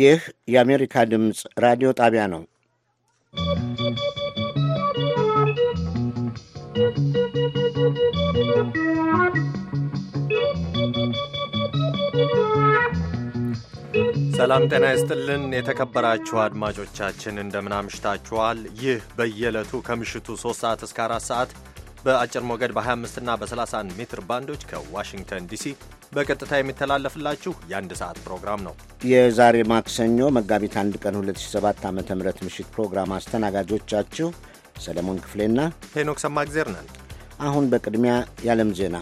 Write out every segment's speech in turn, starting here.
ይህ የአሜሪካ ድምፅ ራዲዮ ጣቢያ ነው። ሰላም ጤና ይስጥልን። የተከበራችሁ አድማጮቻችን እንደምን አምሽታችኋል? ይህ በየዕለቱ ከምሽቱ 3 ሰዓት እስከ 4 ሰዓት በአጭር ሞገድ በ25 እና በ31 ሜትር ባንዶች ከዋሽንግተን ዲሲ በቀጥታ የሚተላለፍላችሁ የአንድ ሰዓት ፕሮግራም ነው። የዛሬ ማክሰኞ መጋቢት 1 ቀን 2007 ዓ ም ምሽት ፕሮግራም አስተናጋጆቻችሁ ሰለሞን ክፍሌና ሄኖክ ሰማግዜር ነን። አሁን በቅድሚያ የዓለም ዜና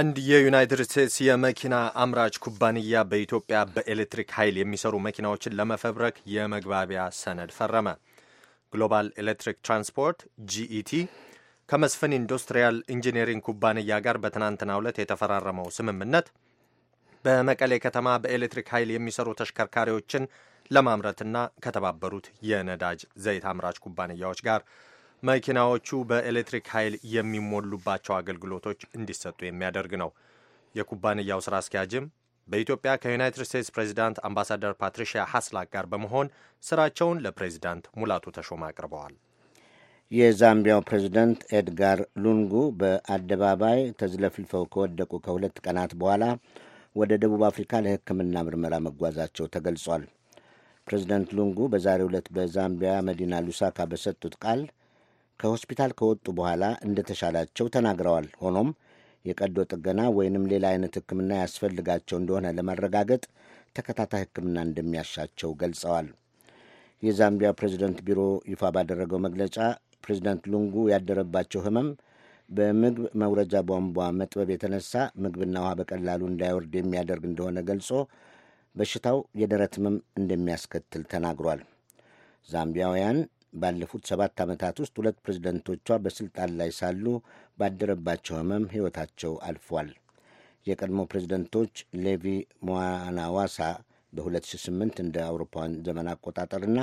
አንድ የዩናይትድ ስቴትስ የመኪና አምራች ኩባንያ በኢትዮጵያ በኤሌክትሪክ ኃይል የሚሰሩ መኪናዎችን ለመፈብረክ የመግባቢያ ሰነድ ፈረመ። ግሎባል ኤሌክትሪክ ትራንስፖርት ጂኢቲ ከመስፍን ኢንዱስትሪያል ኢንጂነሪንግ ኩባንያ ጋር በትናንትናው ዕለት የተፈራረመው ስምምነት በመቀሌ ከተማ በኤሌክትሪክ ኃይል የሚሰሩ ተሽከርካሪዎችን ለማምረትና ከተባበሩት የነዳጅ ዘይት አምራች ኩባንያዎች ጋር መኪናዎቹ በኤሌክትሪክ ኃይል የሚሞሉባቸው አገልግሎቶች እንዲሰጡ የሚያደርግ ነው። የኩባንያው ስራ አስኪያጅም በኢትዮጵያ ከዩናይትድ ስቴትስ ፕሬዚዳንት አምባሳደር ፓትሪሺያ ሐስላክ ጋር በመሆን ስራቸውን ለፕሬዚዳንት ሙላቱ ተሾመ አቅርበዋል። የዛምቢያው ፕሬዚደንት ኤድጋር ሉንጉ በአደባባይ ተዝለፍልፈው ከወደቁ ከሁለት ቀናት በኋላ ወደ ደቡብ አፍሪካ ለሕክምና ምርመራ መጓዛቸው ተገልጿል። ፕሬዚደንት ሉንጉ በዛሬው ዕለት በዛምቢያ መዲና ሉሳካ በሰጡት ቃል ከሆስፒታል ከወጡ በኋላ እንደተሻላቸው ተናግረዋል። ሆኖም የቀዶ ጥገና ወይንም ሌላ አይነት ሕክምና ያስፈልጋቸው እንደሆነ ለማረጋገጥ ተከታታይ ሕክምና እንደሚያሻቸው ገልጸዋል። የዛምቢያ ፕሬዚደንት ቢሮ ይፋ ባደረገው መግለጫ ፕሬዚደንት ሉንጉ ያደረባቸው ህመም በምግብ መውረጃ ቧንቧ መጥበብ የተነሳ ምግብና ውሃ በቀላሉ እንዳይወርድ የሚያደርግ እንደሆነ ገልጾ በሽታው የደረት ህመም እንደሚያስከትል ተናግሯል። ዛምቢያውያን ባለፉት ሰባት ዓመታት ውስጥ ሁለት ፕሬዝደንቶቿ በስልጣን ላይ ሳሉ ባደረባቸው ህመም ሕይወታቸው አልፏል። የቀድሞ ፕሬዝደንቶች ሌቪ ሞዋናዋሳ በ2008 እንደ አውሮፓውያን ዘመን አቆጣጠርና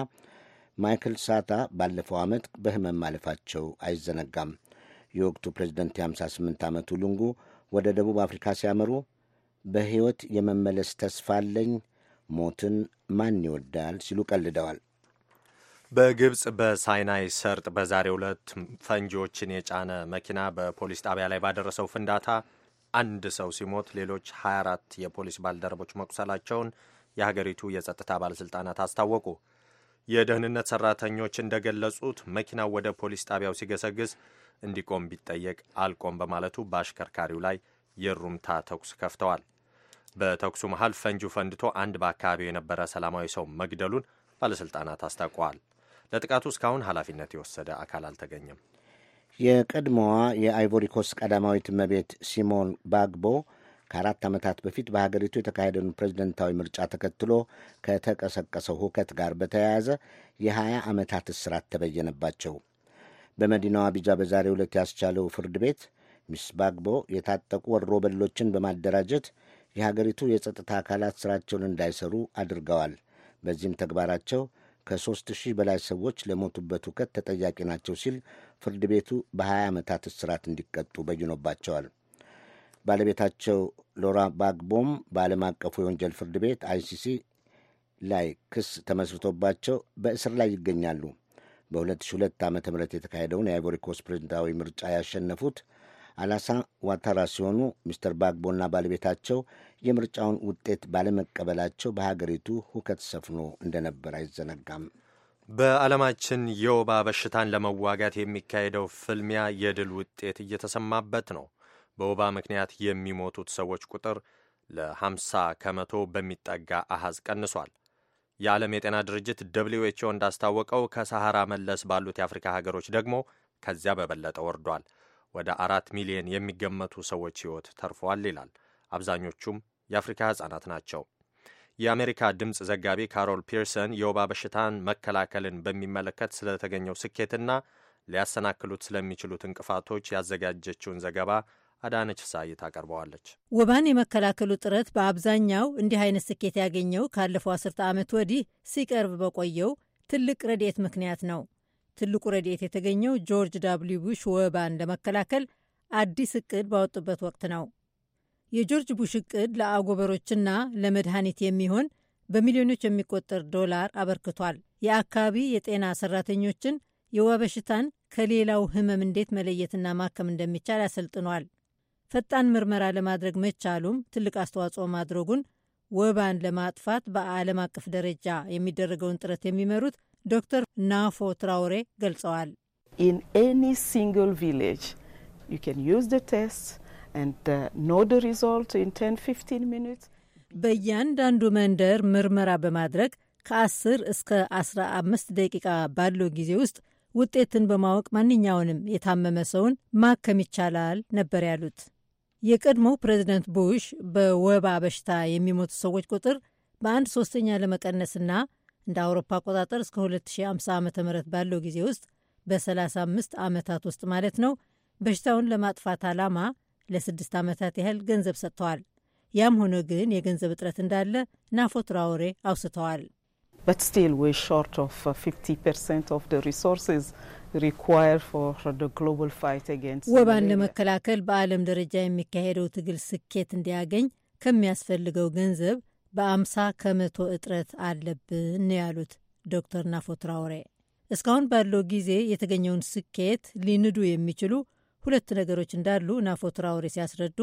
ማይክል ሳታ ባለፈው ዓመት በህመም ማለፋቸው አይዘነጋም። የወቅቱ ፕሬዝደንት የ58 ዓመቱ ሉንጉ ወደ ደቡብ አፍሪካ ሲያመሩ በሕይወት የመመለስ ተስፋ አለኝ፣ ሞትን ማን ይወዳል ሲሉ ቀልደዋል። በግብፅ በሳይናይ ሰርጥ በዛሬው ዕለት ፈንጂዎችን የጫነ መኪና በፖሊስ ጣቢያ ላይ ባደረሰው ፍንዳታ አንድ ሰው ሲሞት ሌሎች 24 የፖሊስ ባልደረቦች መቁሰላቸውን የሀገሪቱ የጸጥታ ባለሥልጣናት አስታወቁ። የደህንነት ሠራተኞች እንደገለጹት መኪናው ወደ ፖሊስ ጣቢያው ሲገሰግስ እንዲቆም ቢጠየቅ አልቆም በማለቱ በአሽከርካሪው ላይ የሩምታ ተኩስ ከፍተዋል። በተኩሱ መሃል ፈንጂው ፈንድቶ አንድ በአካባቢው የነበረ ሰላማዊ ሰው መግደሉን ባለሥልጣናት አስታውቀዋል። ለጥቃቱ እስካሁን ኃላፊነት የወሰደ አካል አልተገኘም። የቀድሞዋ የአይቮሪኮስ ቀዳማዊት እመቤት ሲሞን ባግቦ ከአራት ዓመታት በፊት በሀገሪቱ የተካሄደውን ፕሬዝደንታዊ ምርጫ ተከትሎ ከተቀሰቀሰው ሁከት ጋር በተያያዘ የ20 ዓመታት እስራት ተበየነባቸው። በመዲናዋ አቢጃ በዛሬ ዕለት ያስቻለው ፍርድ ቤት ሚስ ባግቦ የታጠቁ በሎችን በማደራጀት የሀገሪቱ የጸጥታ አካላት ስራቸውን እንዳይሰሩ አድርገዋል። በዚህም ተግባራቸው ከሦስት ሺህ በላይ ሰዎች ለሞቱበት ሁከት ተጠያቂ ናቸው ሲል ፍርድ ቤቱ በ20 ዓመታት እስራት እንዲቀጡ በይኖባቸዋል። ባለቤታቸው ሎራ ባግቦም በዓለም አቀፉ የወንጀል ፍርድ ቤት አይሲሲ ላይ ክስ ተመስርቶባቸው በእስር ላይ ይገኛሉ። በ2002 ዓ ም የተካሄደውን የአይቮሪኮስ ፕሬዝዳንታዊ ምርጫ ያሸነፉት አላሳ ዋታራ ሲሆኑ ሚስተር ባግቦና ባለቤታቸው የምርጫውን ውጤት ባለመቀበላቸው በሀገሪቱ ሁከት ሰፍኖ እንደነበር አይዘነጋም። በዓለማችን የወባ በሽታን ለመዋጋት የሚካሄደው ፍልሚያ የድል ውጤት እየተሰማበት ነው። በወባ ምክንያት የሚሞቱት ሰዎች ቁጥር ለ50 ከመቶ በሚጠጋ አሐዝ ቀንሷል። የዓለም የጤና ድርጅት ደብሊው ኤች ኦ እንዳስታወቀው ከሰሐራ መለስ ባሉት የአፍሪካ ሀገሮች ደግሞ ከዚያ በበለጠ ወርዷል። ወደ አራት ሚሊዮን የሚገመቱ ሰዎች ሕይወት ተርፏል ይላል። አብዛኞቹም የአፍሪካ ሕጻናት ናቸው። የአሜሪካ ድምፅ ዘጋቢ ካሮል ፒርሰን የወባ በሽታን መከላከልን በሚመለከት ስለተገኘው ስኬትና ሊያሰናክሉት ስለሚችሉት እንቅፋቶች ያዘጋጀችውን ዘገባ አዳነች ሳይ ታቀርበዋለች። ወባን የመከላከሉ ጥረት በአብዛኛው እንዲህ አይነት ስኬት ያገኘው ካለፈው አስርተ ዓመት ወዲህ ሲቀርብ በቆየው ትልቅ ረድኤት ምክንያት ነው። ትልቁ ረድኤት የተገኘው ጆርጅ ዳብሊው ቡሽ ወባን ለመከላከል አዲስ እቅድ ባወጡበት ወቅት ነው። የጆርጅ ቡሽ እቅድ ለአጎበሮችና ለመድኃኒት የሚሆን በሚሊዮኖች የሚቆጠር ዶላር አበርክቷል። የአካባቢ የጤና ሰራተኞችን የወባ በሽታን ከሌላው ህመም እንዴት መለየትና ማከም እንደሚቻል ያሰልጥኗል። ፈጣን ምርመራ ለማድረግ መቻሉም ትልቅ አስተዋጽኦ ማድረጉን ወባን ለማጥፋት በዓለም አቀፍ ደረጃ የሚደረገውን ጥረት የሚመሩት ዶክተር ናፎ ትራውሬ ገልጸዋል። ኢን ኤኒ ሲንግል ቪሌጅ ዩ ካን ዩዝ ቴስት Uh, በእያንዳንዱ መንደር ምርመራ በማድረግ ከ10 እስከ 15 ደቂቃ ባለው ጊዜ ውስጥ ውጤትን በማወቅ ማንኛውንም የታመመ ሰውን ማከም ይቻላል ነበር ያሉት። የቀድሞው ፕሬዚደንት ቡሽ በወባ በሽታ የሚሞቱ ሰዎች ቁጥር በአንድ ሶስተኛ ለመቀነስና እንደ አውሮፓ አቆጣጠር እስከ 2050 ዓ ም ባለው ጊዜ ውስጥ በ35 ዓመታት ውስጥ ማለት ነው በሽታውን ለማጥፋት ዓላማ ለስድስት ዓመታት ያህል ገንዘብ ሰጥተዋል። ያም ሆኖ ግን የገንዘብ እጥረት እንዳለ ናፎ ትራውሬ አውስተዋል። uh, ወባን ለመከላከል በዓለም ደረጃ የሚካሄደው ትግል ስኬት እንዲያገኝ ከሚያስፈልገው ገንዘብ በአምሳ ከመቶ እጥረት አለብን ያሉት ዶክተር ናፎ እስካሁን ባለው ጊዜ የተገኘውን ስኬት ሊንዱ የሚችሉ ሁለት ነገሮች እንዳሉ ናፎ ትራውሬ ሲያስረዱ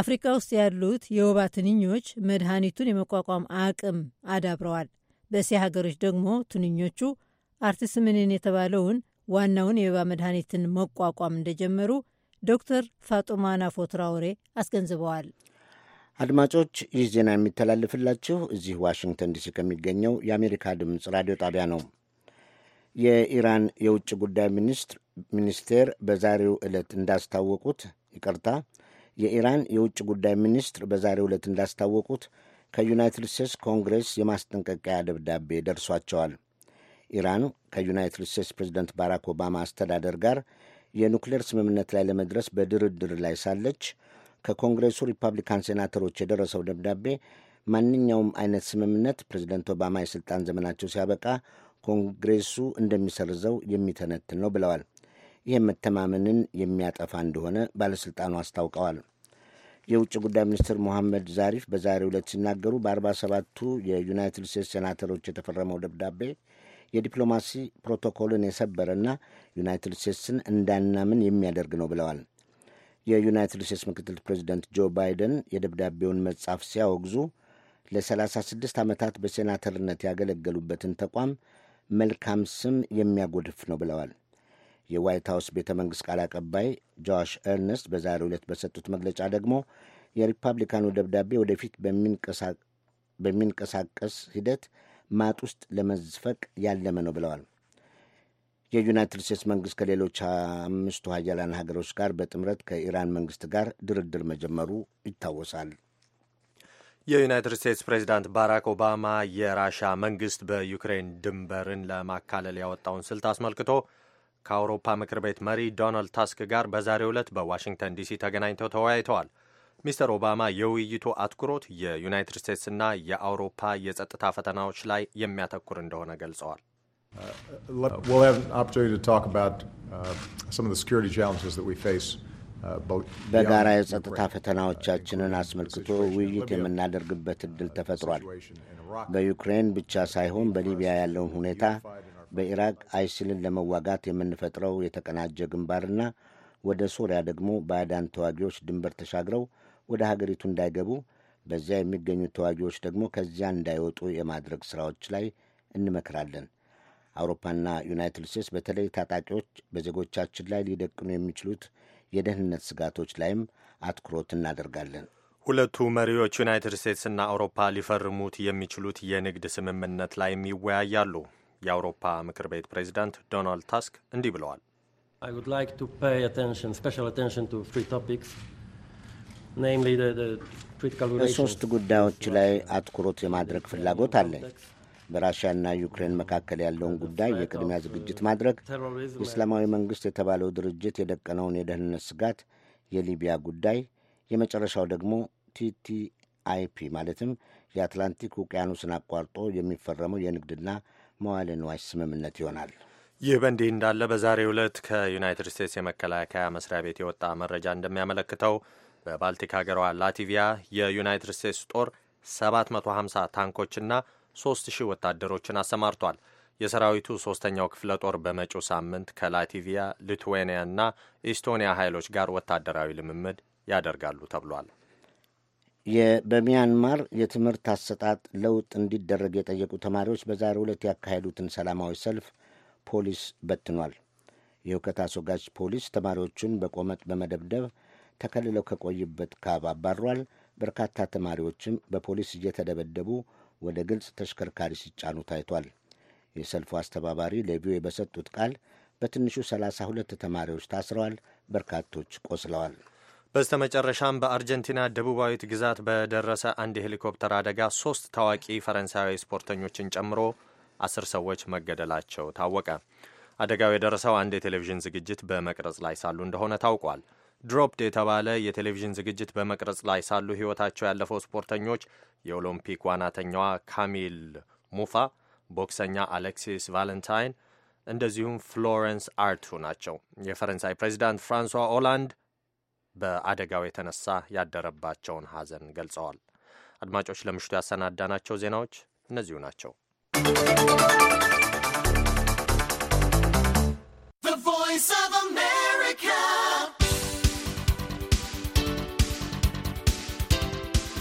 አፍሪካ ውስጥ ያሉት የወባ ትንኞች መድኃኒቱን የመቋቋም አቅም አዳብረዋል። በእስያ ሀገሮች ደግሞ ትንኞቹ አርቲስምኒን የተባለውን ዋናውን የወባ መድኃኒትን መቋቋም እንደጀመሩ ዶክተር ፋጡማ ናፎ ትራውሬ አስገንዝበዋል። አድማጮች ይህ ዜና የሚተላለፍላችሁ እዚህ ዋሽንግተን ዲሲ ከሚገኘው የአሜሪካ ድምፅ ራዲዮ ጣቢያ ነው። የኢራን የውጭ ጉዳይ ሚኒስቴር በዛሬው ዕለት እንዳስታወቁት ይቅርታ፣ የኢራን የውጭ ጉዳይ ሚኒስትር በዛሬው ዕለት እንዳስታወቁት ከዩናይትድ ስቴትስ ኮንግሬስ የማስጠንቀቂያ ደብዳቤ ደርሷቸዋል። ኢራን ከዩናይትድ ስቴትስ ፕሬዚደንት ባራክ ኦባማ አስተዳደር ጋር የኑክሌር ስምምነት ላይ ለመድረስ በድርድር ላይ ሳለች ከኮንግሬሱ ሪፐብሊካን ሴናተሮች የደረሰው ደብዳቤ ማንኛውም አይነት ስምምነት ፕሬዚደንት ኦባማ የሥልጣን ዘመናቸው ሲያበቃ ኮንግሬሱ እንደሚሰርዘው የሚተነትን ነው ብለዋል። ይህም መተማመንን የሚያጠፋ እንደሆነ ባለሥልጣኑ አስታውቀዋል። የውጭ ጉዳይ ሚኒስትር ሞሐመድ ዛሪፍ በዛሬው ዕለት ሲናገሩ በ47ቱ የዩናይትድ ስቴትስ ሴናተሮች የተፈረመው ደብዳቤ የዲፕሎማሲ ፕሮቶኮልን የሰበረና ዩናይትድ ስቴትስን እንዳናምን የሚያደርግ ነው ብለዋል። የዩናይትድ ስቴትስ ምክትል ፕሬዚደንት ጆ ባይደን የደብዳቤውን መጻፍ ሲያወግዙ ለ36 ዓመታት በሴናተርነት ያገለገሉበትን ተቋም መልካም ስም የሚያጎድፍ ነው ብለዋል። የዋይት ሀውስ ቤተ መንግሥት ቃል አቀባይ ጆሽ ኤርነስት በዛሬው ዕለት በሰጡት መግለጫ ደግሞ የሪፐብሊካኑ ደብዳቤ ወደፊት በሚንቀሳቀስ ሂደት ማጥ ውስጥ ለመዝፈቅ ያለመ ነው ብለዋል። የዩናይትድ ስቴትስ መንግሥት ከሌሎች አምስቱ ሀያላን ሀገሮች ጋር በጥምረት ከኢራን መንግሥት ጋር ድርድር መጀመሩ ይታወሳል። የዩናይትድ ስቴትስ ፕሬዚዳንት ባራክ ኦባማ የራሻ መንግስት በዩክሬን ድንበርን ለማካለል ያወጣውን ስልት አስመልክቶ ከአውሮፓ ምክር ቤት መሪ ዶናልድ ታስክ ጋር በዛሬው ዕለት በዋሽንግተን ዲሲ ተገናኝተው ተወያይተዋል። ሚስተር ኦባማ የውይይቱ አትኩሮት የዩናይትድ ስቴትስና የአውሮፓ የጸጥታ ፈተናዎች ላይ የሚያተኩር እንደሆነ ገልጸዋል። uh, we'll have an opportunity to talk about uh, some of the security challenges that we face በጋራ የጸጥታ ፈተናዎቻችንን አስመልክቶ ውይይት የምናደርግበት እድል ተፈጥሯል። በዩክሬን ብቻ ሳይሆን በሊቢያ ያለውን ሁኔታ፣ በኢራቅ አይሲልን ለመዋጋት የምንፈጥረው የተቀናጀ ግንባርና ወደ ሶሪያ ደግሞ ባዕዳን ተዋጊዎች ድንበር ተሻግረው ወደ ሀገሪቱ እንዳይገቡ በዚያ የሚገኙ ተዋጊዎች ደግሞ ከዚያ እንዳይወጡ የማድረግ ሥራዎች ላይ እንመክራለን። አውሮፓና ዩናይትድ ስቴትስ በተለይ ታጣቂዎች በዜጎቻችን ላይ ሊደቅኑ የሚችሉት የደህንነት ስጋቶች ላይም አትኩሮት እናደርጋለን። ሁለቱ መሪዎች ዩናይትድ ስቴትስና አውሮፓ ሊፈርሙት የሚችሉት የንግድ ስምምነት ላይም ይወያያሉ። የአውሮፓ ምክር ቤት ፕሬዚዳንት ዶናልድ ታስክ እንዲህ ብለዋል። በሦስት ጉዳዮች ላይ አትኩሮት የማድረግ ፍላጎት አለኝ። በራሽያና ዩክሬን መካከል ያለውን ጉዳይ የቅድሚያ ዝግጅት ማድረግ፣ የእስላማዊ መንግሥት የተባለው ድርጅት የደቀነውን የደህንነት ስጋት፣ የሊቢያ ጉዳይ፣ የመጨረሻው ደግሞ ቲቲአይፒ ማለትም የአትላንቲክ ውቅያኖስን አቋርጦ የሚፈረመው የንግድና መዋለ ንዋይ ስምምነት ይሆናል። ይህ በእንዲህ እንዳለ በዛሬ ዕለት ከዩናይትድ ስቴትስ የመከላከያ መስሪያ ቤት የወጣ መረጃ እንደሚያመለክተው በባልቲክ ሀገሯ ላቲቪያ የዩናይትድ ስቴትስ ጦር 750 ታንኮችና ሶስት ሺህ ወታደሮችን አሰማርቷል። የሰራዊቱ ሶስተኛው ክፍለ ጦር በመጪው ሳምንት ከላቲቪያ፣ እና ኢስቶኒያ ኃይሎች ጋር ወታደራዊ ልምምድ ያደርጋሉ ተብሏል። በሚያንማር የትምህርት አሰጣጥ ለውጥ እንዲደረግ የጠየቁ ተማሪዎች በዛሬው ዕለት ያካሄዱትን ሰላማዊ ሰልፍ ፖሊስ በትኗል። የውከት አስወጋጅ ፖሊስ ተማሪዎቹን በቆመጥ በመደብደብ ተከልለው ከቆዩበት ካብ አባሯል። በርካታ ተማሪዎችም በፖሊስ እየተደበደቡ ወደ ግልጽ ተሽከርካሪ ሲጫኑ ታይቷል። የሰልፉ አስተባባሪ ለቪኦኤ በሰጡት ቃል በትንሹ 32 ተማሪዎች ታስረዋል፣ በርካቶች ቆስለዋል። በስተ መጨረሻም በአርጀንቲና ደቡባዊት ግዛት በደረሰ አንድ የሄሊኮፕተር አደጋ ሶስት ታዋቂ ፈረንሳዊ ስፖርተኞችን ጨምሮ አስር ሰዎች መገደላቸው ታወቀ። አደጋው የደረሰው አንድ የቴሌቪዥን ዝግጅት በመቅረጽ ላይ ሳሉ እንደሆነ ታውቋል። ድሮፕድ የተባለ የቴሌቪዥን ዝግጅት በመቅረጽ ላይ ሳሉ ሕይወታቸው ያለፈው ስፖርተኞች የኦሎምፒክ ዋናተኛዋ ካሚል ሙፋ፣ ቦክሰኛ አሌክሲስ ቫለንታይን እንደዚሁም ፍሎረንስ አርቱ ናቸው። የፈረንሳይ ፕሬዚዳንት ፍራንሷ ኦላንድ በአደጋው የተነሳ ያደረባቸውን ሐዘን ገልጸዋል። አድማጮች፣ ለምሽቱ ያሰናዳናቸው ዜናዎች እነዚሁ ናቸው።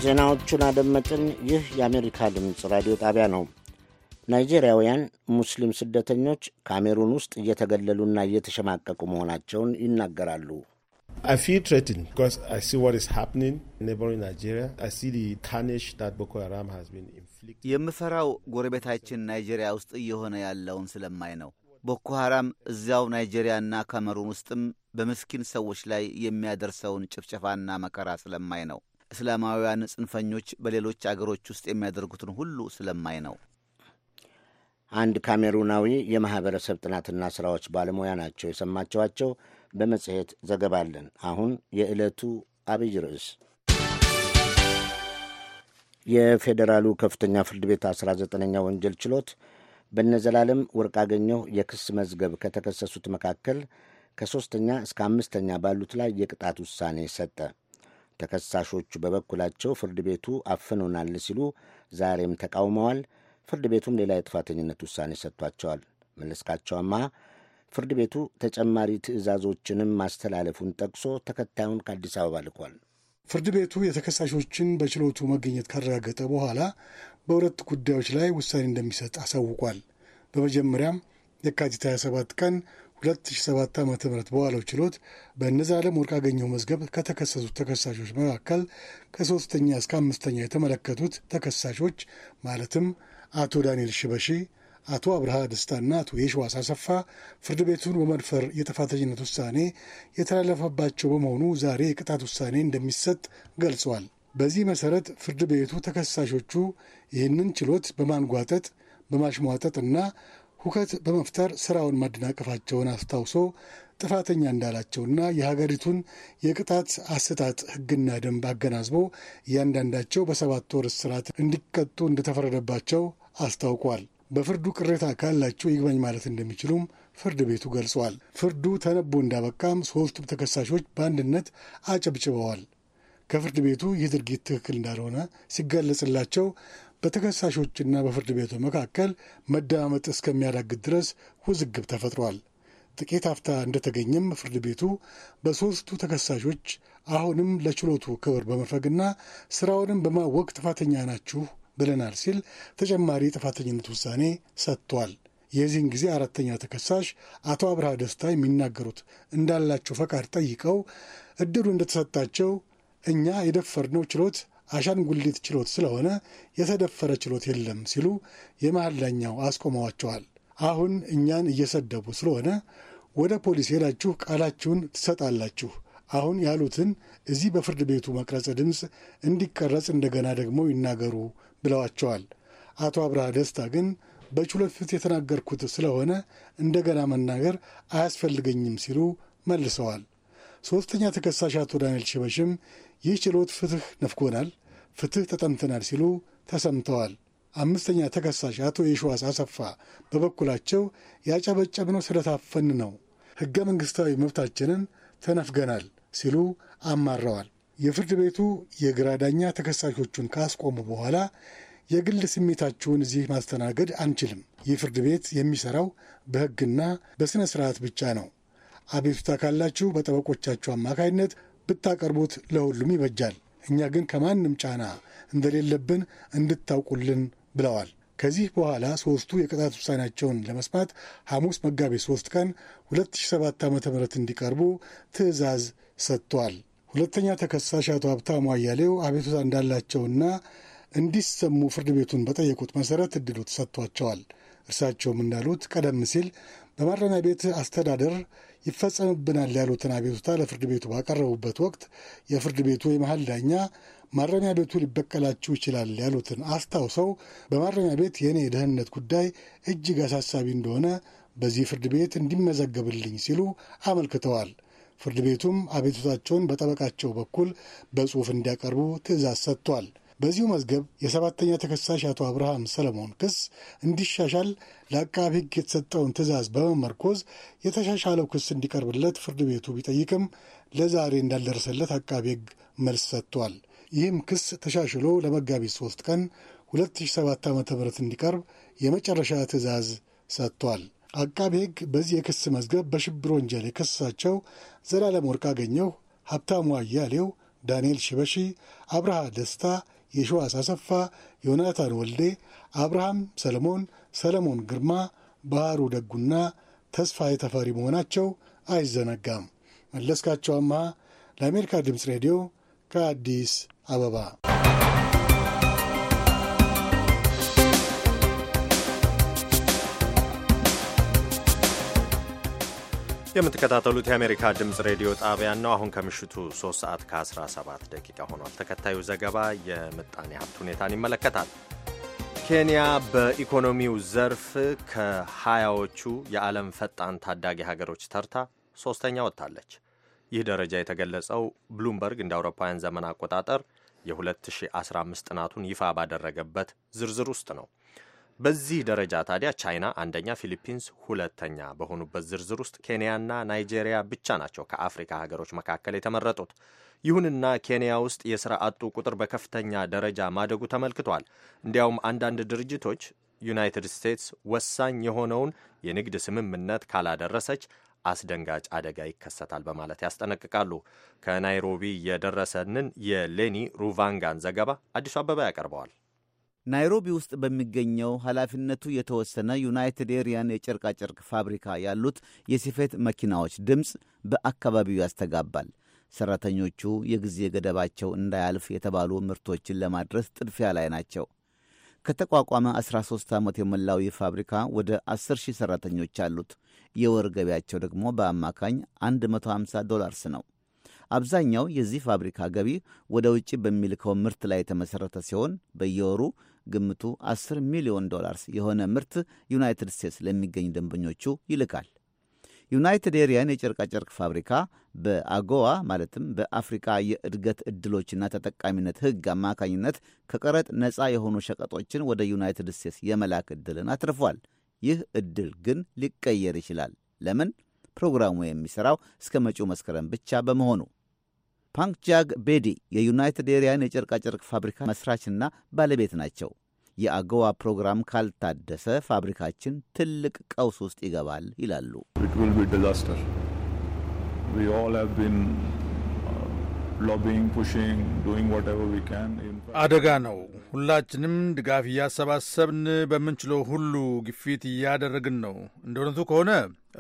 ዜናዎቹን አደመጥን። ይህ የአሜሪካ ድምፅ ራዲዮ ጣቢያ ነው። ናይጄሪያውያን ሙስሊም ስደተኞች ካሜሩን ውስጥ እየተገለሉና እየተሸማቀቁ መሆናቸውን ይናገራሉ። የምፈራው ጎረቤታችን ናይጄሪያ ውስጥ እየሆነ ያለውን ስለማይ ነው። ቦኮ ሐራም እዚያው ናይጄሪያና ካሜሩን ውስጥም በምስኪን ሰዎች ላይ የሚያደርሰውን ጭፍጨፋና መከራ ስለማይ ነው። እስላማውያን ጽንፈኞች በሌሎች አገሮች ውስጥ የሚያደርጉትን ሁሉ ስለማይ ነው። አንድ ካሜሩናዊ የማኅበረሰብ ጥናትና ሥራዎች ባለሙያ ናቸው የሰማችኋቸው። በመጽሔት ዘገባለን። አሁን የዕለቱ አብይ ርዕስ የፌዴራሉ ከፍተኛ ፍርድ ቤት 19ኛ ወንጀል ችሎት በነዘላለም ወርቅአገኘሁ የክስ መዝገብ ከተከሰሱት መካከል ከሦስተኛ እስከ አምስተኛ ባሉት ላይ የቅጣት ውሳኔ ሰጠ። ተከሳሾቹ በበኩላቸው ፍርድ ቤቱ አፍኖናል ሲሉ ዛሬም ተቃውመዋል። ፍርድ ቤቱም ሌላ የጥፋተኝነት ውሳኔ ሰጥቷቸዋል። መለስካቸው አማሃ ፍርድ ቤቱ ተጨማሪ ትዕዛዞችንም ማስተላለፉን ጠቅሶ ተከታዩን ከአዲስ አበባ ልኳል። ፍርድ ቤቱ የተከሳሾችን በችሎቱ መገኘት ካረጋገጠ በኋላ በሁለት ጉዳዮች ላይ ውሳኔ እንደሚሰጥ አሳውቋል። በመጀመሪያም የካቲት 27 ቀን 2007 ዓ ም በዋለው ችሎት በእነዛለም ወርቅአገኘሁ መዝገብ ከተከሰሱት ተከሳሾች መካከል ከሶስተኛ እስከ አምስተኛ የተመለከቱት ተከሳሾች ማለትም አቶ ዳንኤል ሽበሺ፣ አቶ አብርሃ ደስታና አቶ የሸዋስ አሰፋ ፍርድ ቤቱን በመድፈር የጥፋተኝነት ውሳኔ የተላለፈባቸው በመሆኑ ዛሬ የቅጣት ውሳኔ እንደሚሰጥ ገልጿል። በዚህ መሰረት ፍርድ ቤቱ ተከሳሾቹ ይህንን ችሎት በማንጓጠጥ በማሽሟጠጥና ሁከት በመፍጠር ስራውን ማደናቀፋቸውን አስታውሶ ጥፋተኛ እንዳላቸውና የሀገሪቱን የቅጣት አሰጣጥ ሕግና ደንብ አገናዝቦ እያንዳንዳቸው በሰባት ወር እስራት እንዲቀጡ እንደተፈረደባቸው አስታውቋል። በፍርዱ ቅሬታ ካላቸው ይግባኝ ማለት እንደሚችሉም ፍርድ ቤቱ ገልጿል። ፍርዱ ተነቦ እንዳበቃም ሦስቱም ተከሳሾች በአንድነት አጨብጭበዋል። ከፍርድ ቤቱ ይህ ድርጊት ትክክል እንዳልሆነ ሲገለጽላቸው በተከሳሾችና በፍርድ ቤቱ መካከል መደማመጥ እስከሚያዳግት ድረስ ውዝግብ ተፈጥሯል። ጥቂት አፍታ እንደተገኘም ፍርድ ቤቱ በሦስቱ ተከሳሾች አሁንም ለችሎቱ ክብር በመፈግና ስራውንም በማወቅ ጥፋተኛ ናችሁ ብለናል ሲል ተጨማሪ ጥፋተኝነት ውሳኔ ሰጥቷል። የዚህን ጊዜ አራተኛ ተከሳሽ አቶ አብርሃ ደስታ የሚናገሩት እንዳላቸው ፈቃድ ጠይቀው እድሉ እንደተሰጣቸው እኛ የደፈርነው ችሎት አሻንጉሊት ችሎት ስለሆነ የተደፈረ ችሎት የለም ሲሉ የመሀል ዳኛው አስቆመዋቸዋል። አሁን እኛን እየሰደቡ ስለሆነ ወደ ፖሊስ ሄዳችሁ ቃላችሁን ትሰጣላችሁ። አሁን ያሉትን እዚህ በፍርድ ቤቱ መቅረጽ ድምፅ እንዲቀረጽ እንደገና ደግሞ ይናገሩ ብለዋቸዋል። አቶ አብርሃ ደስታ ግን በችሎት ፊት የተናገርኩት ስለሆነ እንደገና መናገር አያስፈልገኝም ሲሉ መልሰዋል። ሦስተኛ ተከሳሽ አቶ ዳንኤል ሽበሽም ይህ ችሎት ፍትህ ነፍጎናል፣ ፍትህ ተጠምተናል ሲሉ ተሰምተዋል። አምስተኛ ተከሳሽ አቶ የሸዋስ አሰፋ በበኩላቸው ያጨበጨብነው ስለታፈን ነው፣ ህገ መንግስታዊ መብታችንን ተነፍገናል ሲሉ አማረዋል። የፍርድ ቤቱ የግራ ዳኛ ተከሳሾቹን ካስቆሙ በኋላ የግል ስሜታችሁን እዚህ ማስተናገድ አንችልም፣ ይህ ፍርድ ቤት የሚሠራው በሕግና በሥነ ሥርዓት ብቻ ነው። አቤቱታ ካላችሁ በጠበቆቻችሁ አማካይነት ብታቀርቡት ለሁሉም ይበጃል እኛ ግን ከማንም ጫና እንደሌለብን እንድታውቁልን ብለዋል። ከዚህ በኋላ ሶስቱ የቅጣት ውሳኔያቸውን ለመስማት ሐሙስ መጋቢት ሶስት ቀን 2007 ዓ ም እንዲቀርቡ ትዕዛዝ ሰጥቷል። ሁለተኛ ተከሳሽ አቶ ሀብታሙ አያሌው አቤቱታ እንዳላቸውና እንዲሰሙ ፍርድ ቤቱን በጠየቁት መሠረት ዕድሉ ተሰጥቷቸዋል። እርሳቸውም እንዳሉት ቀደም ሲል በማረሚያ ቤት አስተዳደር ይፈጸምብናል ያሉትን አቤቱታ ለፍርድ ቤቱ ባቀረቡበት ወቅት የፍርድ ቤቱ የመሀል ዳኛ ማረሚያ ቤቱ ሊበቀላችሁ ይችላል ያሉትን አስታውሰው በማረሚያ ቤት የእኔ የደህንነት ጉዳይ እጅግ አሳሳቢ እንደሆነ በዚህ ፍርድ ቤት እንዲመዘገብልኝ ሲሉ አመልክተዋል። ፍርድ ቤቱም አቤቱታቸውን በጠበቃቸው በኩል በጽሑፍ እንዲያቀርቡ ትዕዛዝ ሰጥቷል። በዚሁ መዝገብ የሰባተኛ ተከሳሽ አቶ አብርሃም ሰለሞን ክስ እንዲሻሻል ለአቃቢ ሕግ የተሰጠውን ትዕዛዝ በመመርኮዝ የተሻሻለው ክስ እንዲቀርብለት ፍርድ ቤቱ ቢጠይቅም ለዛሬ እንዳልደረሰለት አቃቢ ሕግ መልስ ሰጥቷል። ይህም ክስ ተሻሽሎ ለመጋቢት 3 ቀን 2007 ዓ ም እንዲቀርብ የመጨረሻ ትዕዛዝ ሰጥቷል። አቃቢ ሕግ በዚህ የክስ መዝገብ በሽብር ወንጀል የከሰሳቸው ዘላለም ወርቅ አገኘሁ፣ ሀብታሙ አያሌው፣ ዳንኤል ሽበሺ፣ አብርሃ ደስታ የሸዋስ አሰፋ፣ ዮናታን ወልዴ፣ አብርሃም ሰለሞን፣ ሰለሞን ግርማ፣ ባህሩ ደጉና ተስፋ የተፈሪ መሆናቸው አይዘነጋም። መለስካቸው አማሃ ለአሜሪካ ድምፅ ሬዲዮ ከአዲስ አበባ የምትከታተሉት የአሜሪካ ድምፅ ሬዲዮ ጣቢያ ነው። አሁን ከምሽቱ 3 ሰዓት ከ17 ደቂቃ ሆኗል። ተከታዩ ዘገባ የምጣኔ ሀብት ሁኔታን ይመለከታል። ኬንያ በኢኮኖሚው ዘርፍ ከሀያዎቹ የዓለም ፈጣን ታዳጊ ሀገሮች ተርታ ሶስተኛ ወጥታለች። ይህ ደረጃ የተገለጸው ብሉምበርግ እንደ አውሮፓውያን ዘመን አቆጣጠር የ2015 ጥናቱን ይፋ ባደረገበት ዝርዝር ውስጥ ነው። በዚህ ደረጃ ታዲያ ቻይና አንደኛ፣ ፊሊፒንስ ሁለተኛ በሆኑበት ዝርዝር ውስጥ ኬንያና ናይጄሪያ ብቻ ናቸው ከአፍሪካ ሀገሮች መካከል የተመረጡት። ይሁንና ኬንያ ውስጥ የሥራ አጡ ቁጥር በከፍተኛ ደረጃ ማደጉ ተመልክቷል። እንዲያውም አንዳንድ ድርጅቶች ዩናይትድ ስቴትስ ወሳኝ የሆነውን የንግድ ስምምነት ካላደረሰች አስደንጋጭ አደጋ ይከሰታል በማለት ያስጠነቅቃሉ። ከናይሮቢ የደረሰንን የሌኒ ሩቫንጋን ዘገባ አዲሱ አበባ ያቀርበዋል። ናይሮቢ ውስጥ በሚገኘው ኃላፊነቱ የተወሰነ ዩናይትድ ኤሪያን የጨርቃጨርቅ ፋብሪካ ያሉት የስፌት መኪናዎች ድምፅ በአካባቢው ያስተጋባል። ሠራተኞቹ የጊዜ ገደባቸው እንዳያልፍ የተባሉ ምርቶችን ለማድረስ ጥድፊያ ላይ ናቸው። ከተቋቋመ 13 ዓመት የሞላው ይህ ፋብሪካ ወደ 10 ሺህ ሠራተኞች አሉት። የወር ገቢያቸው ደግሞ በአማካኝ 150 ዶላርስ ነው። አብዛኛው የዚህ ፋብሪካ ገቢ ወደ ውጭ በሚልከው ምርት ላይ የተመሠረተ ሲሆን በየወሩ ግምቱ 10 ሚሊዮን ዶላርስ የሆነ ምርት ዩናይትድ ስቴትስ ለሚገኝ ደንበኞቹ ይልካል። ዩናይትድ ኤሪያን የጨርቃጨርቅ ፋብሪካ በአጎዋ ማለትም በአፍሪካ የእድገት እድሎችና ተጠቃሚነት ሕግ አማካኝነት ከቀረጥ ነፃ የሆኑ ሸቀጦችን ወደ ዩናይትድ ስቴትስ የመላክ ዕድልን አትርፏል። ይህ ዕድል ግን ሊቀየር ይችላል። ለምን? ፕሮግራሙ የሚሠራው እስከ መጪው መስከረም ብቻ በመሆኑ ፓንክ ቤዲ የዩናይትድ ኤሪያን የጨርቃጨርቅ ፋብሪካ መስራችና ባለቤት ናቸው። የአገዋ ፕሮግራም ካልታደሰ ፋብሪካችን ትልቅ ቀውስ ውስጥ ይገባል ይላሉ። uh, አደጋ ነው። ሁላችንም ድጋፍ እያሰባሰብን በምንችለው ሁሉ ግፊት እያደረግን ነው። እንደ እውነቱ ከሆነ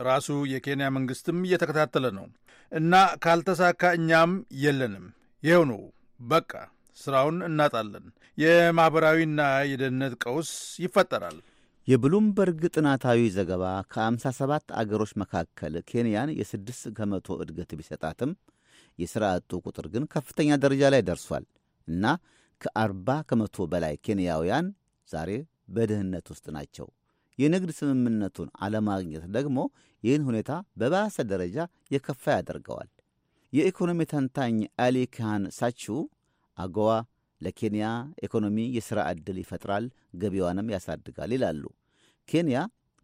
ራሱ የኬንያ መንግስትም እየተከታተለ ነው እና ካልተሳካ እኛም የለንም። ይኸው ነው በቃ ስራውን እናጣለን። የማኅበራዊና የደህንነት ቀውስ ይፈጠራል። የብሉምበርግ ጥናታዊ ዘገባ ከ57 አገሮች መካከል ኬንያን የ6 ከመቶ እድገት ቢሰጣትም የሥራ አጡ ቁጥር ግን ከፍተኛ ደረጃ ላይ ደርሷል እና ከ40 ከመቶ በላይ ኬንያውያን ዛሬ በድህነት ውስጥ ናቸው። የንግድ ስምምነቱን አለማግኘት ደግሞ ይህን ሁኔታ በባሰ ደረጃ የከፋ ያደርገዋል። የኢኮኖሚ ተንታኝ አሊ ካህን ሳቺው አጎዋ ለኬንያ ኢኮኖሚ የሥራ ዕድል ይፈጥራል፣ ገቢዋንም ያሳድጋል ይላሉ። ኬንያ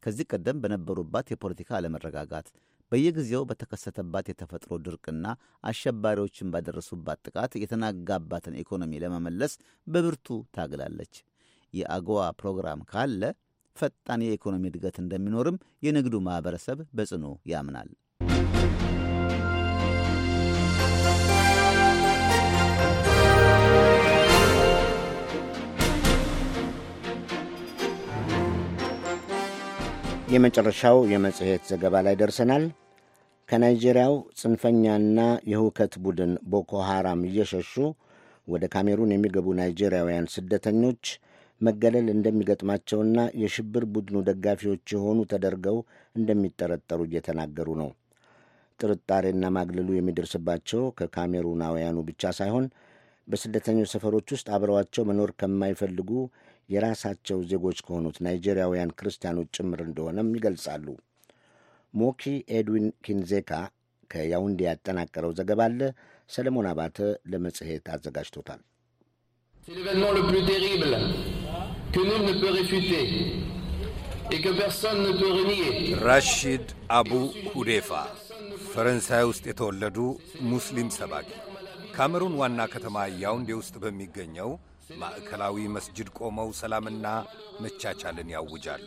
ከዚህ ቀደም በነበሩባት የፖለቲካ አለመረጋጋት፣ በየጊዜው በተከሰተባት የተፈጥሮ ድርቅና አሸባሪዎችን ባደረሱባት ጥቃት የተናጋባትን ኢኮኖሚ ለመመለስ በብርቱ ታግላለች። የአጎዋ ፕሮግራም ካለ ፈጣን የኢኮኖሚ እድገት እንደሚኖርም የንግዱ ማህበረሰብ በጽኑ ያምናል። የመጨረሻው የመጽሔት ዘገባ ላይ ደርሰናል። ከናይጄሪያው ጽንፈኛና የሁከት ቡድን ቦኮ ሐራም እየሸሹ ወደ ካሜሩን የሚገቡ ናይጄሪያውያን ስደተኞች መገለል እንደሚገጥማቸውና የሽብር ቡድኑ ደጋፊዎች የሆኑ ተደርገው እንደሚጠረጠሩ እየተናገሩ ነው። ጥርጣሬና ማግለሉ የሚደርስባቸው ከካሜሩናውያኑ ብቻ ሳይሆን በስደተኞች ሰፈሮች ውስጥ አብረዋቸው መኖር ከማይፈልጉ የራሳቸው ዜጎች ከሆኑት ናይጄሪያውያን ክርስቲያኖች ጭምር እንደሆነም ይገልጻሉ። ሞኪ ኤድዊን ኪንዜካ ከያውንዴ ያጠናቀረው ዘገባ አለ። ሰለሞን አባተ ለመጽሔት አዘጋጅቶታል። que nul ne peut réfuter et que personne ne peut renier. ራሺድ አቡ ሁዴፋ ፈረንሳይ ውስጥ የተወለዱ ሙስሊም ሰባኪ ካሜሩን ዋና ከተማ ያውንዴ ውስጥ በሚገኘው ማዕከላዊ መስጅድ ቆመው ሰላምና መቻቻልን ያውጃሉ፣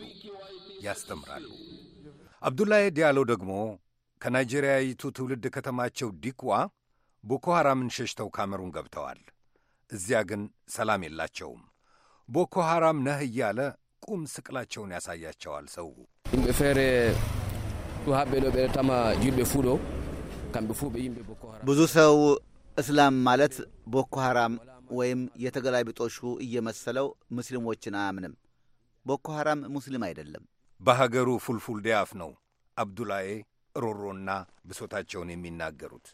ያስተምራሉ። አብዱላይ ዲያሎ ደግሞ ከናይጄሪያዊቱ ትውልድ ከተማቸው ዲክዋ ቦኮ ሐራምን ሸሽተው ካሜሩን ገብተዋል። እዚያ ግን ሰላም የላቸውም። ቦኮ ሐራም ነህ እያለ ቁም ስቅላቸውን ያሳያቸዋል። ሰው ብዙ ሰው እስላም ማለት ቦኮ ሐራም ወይም የተገላቢጦሹ እየመሰለው ሙስሊሞችን አያምንም። ቦኮ ሐራም ሙስሊም አይደለም። በሀገሩ ፉልፉል ዲያፍ ነው አብዱላዬ ሮሮና ብሶታቸውን የሚናገሩት።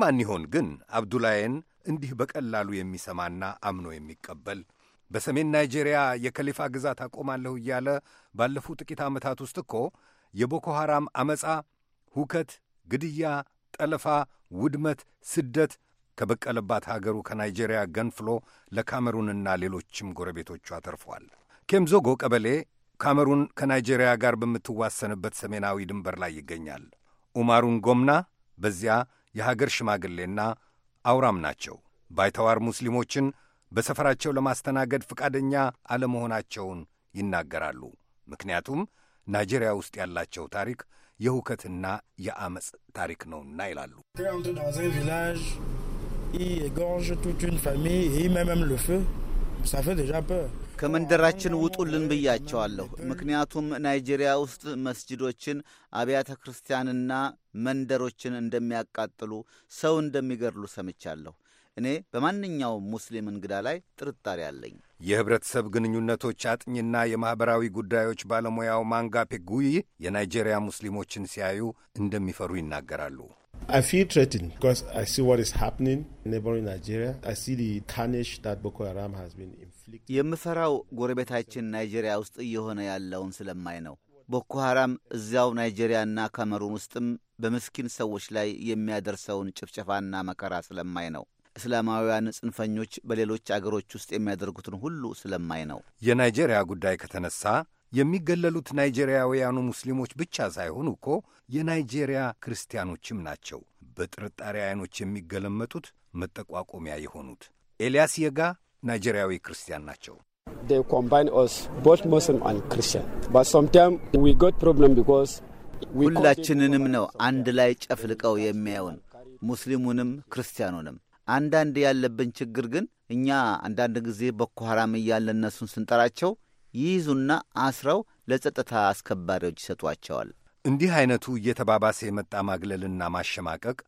ማን ይሆን ግን አብዱላዬን እንዲህ በቀላሉ የሚሰማና አምኖ የሚቀበል? በሰሜን ናይጄሪያ የከሊፋ ግዛት አቆማለሁ እያለ ባለፉ ጥቂት ዓመታት ውስጥ እኮ የቦኮ ሐራም ዐመፃ፣ ሁከት፣ ግድያ፣ ጠለፋ፣ ውድመት፣ ስደት ከበቀለባት ሀገሩ ከናይጄሪያ ገንፍሎ ለካሜሩንና ሌሎችም ጎረቤቶቿ ተርፏል። ኬምዞጎ ቀበሌ ካሜሩን ከናይጄሪያ ጋር በምትዋሰንበት ሰሜናዊ ድንበር ላይ ይገኛል። ኡማሩን ጎምና በዚያ የሀገር ሽማግሌና አውራም ናቸው። ባይተዋር ሙስሊሞችን በሰፈራቸው ለማስተናገድ ፈቃደኛ አለመሆናቸውን ይናገራሉ። ምክንያቱም ናይጄሪያ ውስጥ ያላቸው ታሪክ የሁከትና የአመፅ ታሪክ ነውና ይላሉ። ከመንደራችን ውጡልን ብያቸዋለሁ። ምክንያቱም ናይጄሪያ ውስጥ መስጅዶችን፣ አብያተ ክርስቲያንና መንደሮችን እንደሚያቃጥሉ፣ ሰው እንደሚገድሉ ሰምቻለሁ። እኔ በማንኛውም ሙስሊም እንግዳ ላይ ጥርጣሬ አለኝ። የህብረተሰብ ግንኙነቶች አጥኚና የማኅበራዊ ጉዳዮች ባለሙያው ማንጋ ፔጉይ የናይጄሪያ ሙስሊሞችን ሲያዩ እንደሚፈሩ ይናገራሉ። የምፈራው ጎረቤታችን ናይጄሪያ ውስጥ እየሆነ ያለውን ስለማይ ነው። ቦኮ ሐራም እዚያው ናይጄሪያና ካሜሩን ውስጥም በምስኪን ሰዎች ላይ የሚያደርሰውን ጭፍጨፋና መከራ ስለማይ ነው። እስላማውያን ጽንፈኞች በሌሎች አገሮች ውስጥ የሚያደርጉትን ሁሉ ስለማይ ነው። የናይጄሪያ ጉዳይ ከተነሳ የሚገለሉት ናይጄሪያውያኑ ሙስሊሞች ብቻ ሳይሆኑ እኮ የናይጄሪያ ክርስቲያኖችም ናቸው። በጥርጣሬ አይኖች የሚገለመጡት መጠቋቆሚያ የሆኑት ኤልያስ የጋ ናይጄሪያዊ ክርስቲያን ናቸው። ሁላችንንም ነው አንድ ላይ ጨፍልቀው የሚያዩን፣ ሙስሊሙንም ክርስቲያኑንም። አንዳንድ ያለብን ችግር ግን እኛ አንዳንድ ጊዜ ቦኮ ሐራም እያለ እነሱን ስንጠራቸው ይይዙና አስረው ለጸጥታ አስከባሪዎች ይሰጧቸዋል። እንዲህ አይነቱ እየተባባሰ የመጣ ማግለልና ማሸማቀቅ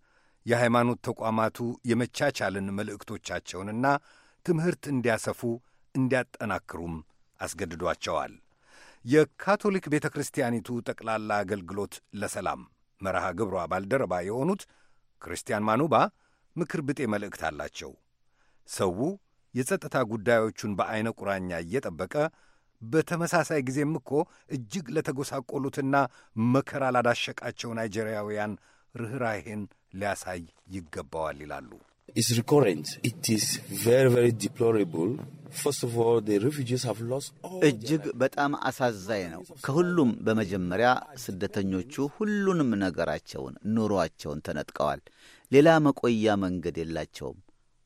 የሃይማኖት ተቋማቱ የመቻቻልን መልእክቶቻቸውንና ትምህርት እንዲያሰፉ እንዲያጠናክሩም አስገድዷቸዋል። የካቶሊክ ቤተ ክርስቲያኒቱ ጠቅላላ አገልግሎት ለሰላም መርሃ ግብሯ ባልደረባ የሆኑት ክርስቲያን ማኑባ ምክር ብጤ መልእክት አላቸው። ሰው የጸጥታ ጉዳዮቹን በዐይነ ቁራኛ እየጠበቀ በተመሳሳይ ጊዜም እኮ እጅግ ለተጎሳቆሉትና መከራ ላዳሸቃቸው ናይጄሪያውያን ርኅራኄን ሊያሳይ ይገባዋል ይላሉ። እጅግ በጣም አሳዛኝ ነው። ከሁሉም በመጀመሪያ ስደተኞቹ ሁሉንም ነገራቸውን፣ ኑሯቸውን ተነጥቀዋል። ሌላ መቆያ መንገድ የላቸውም።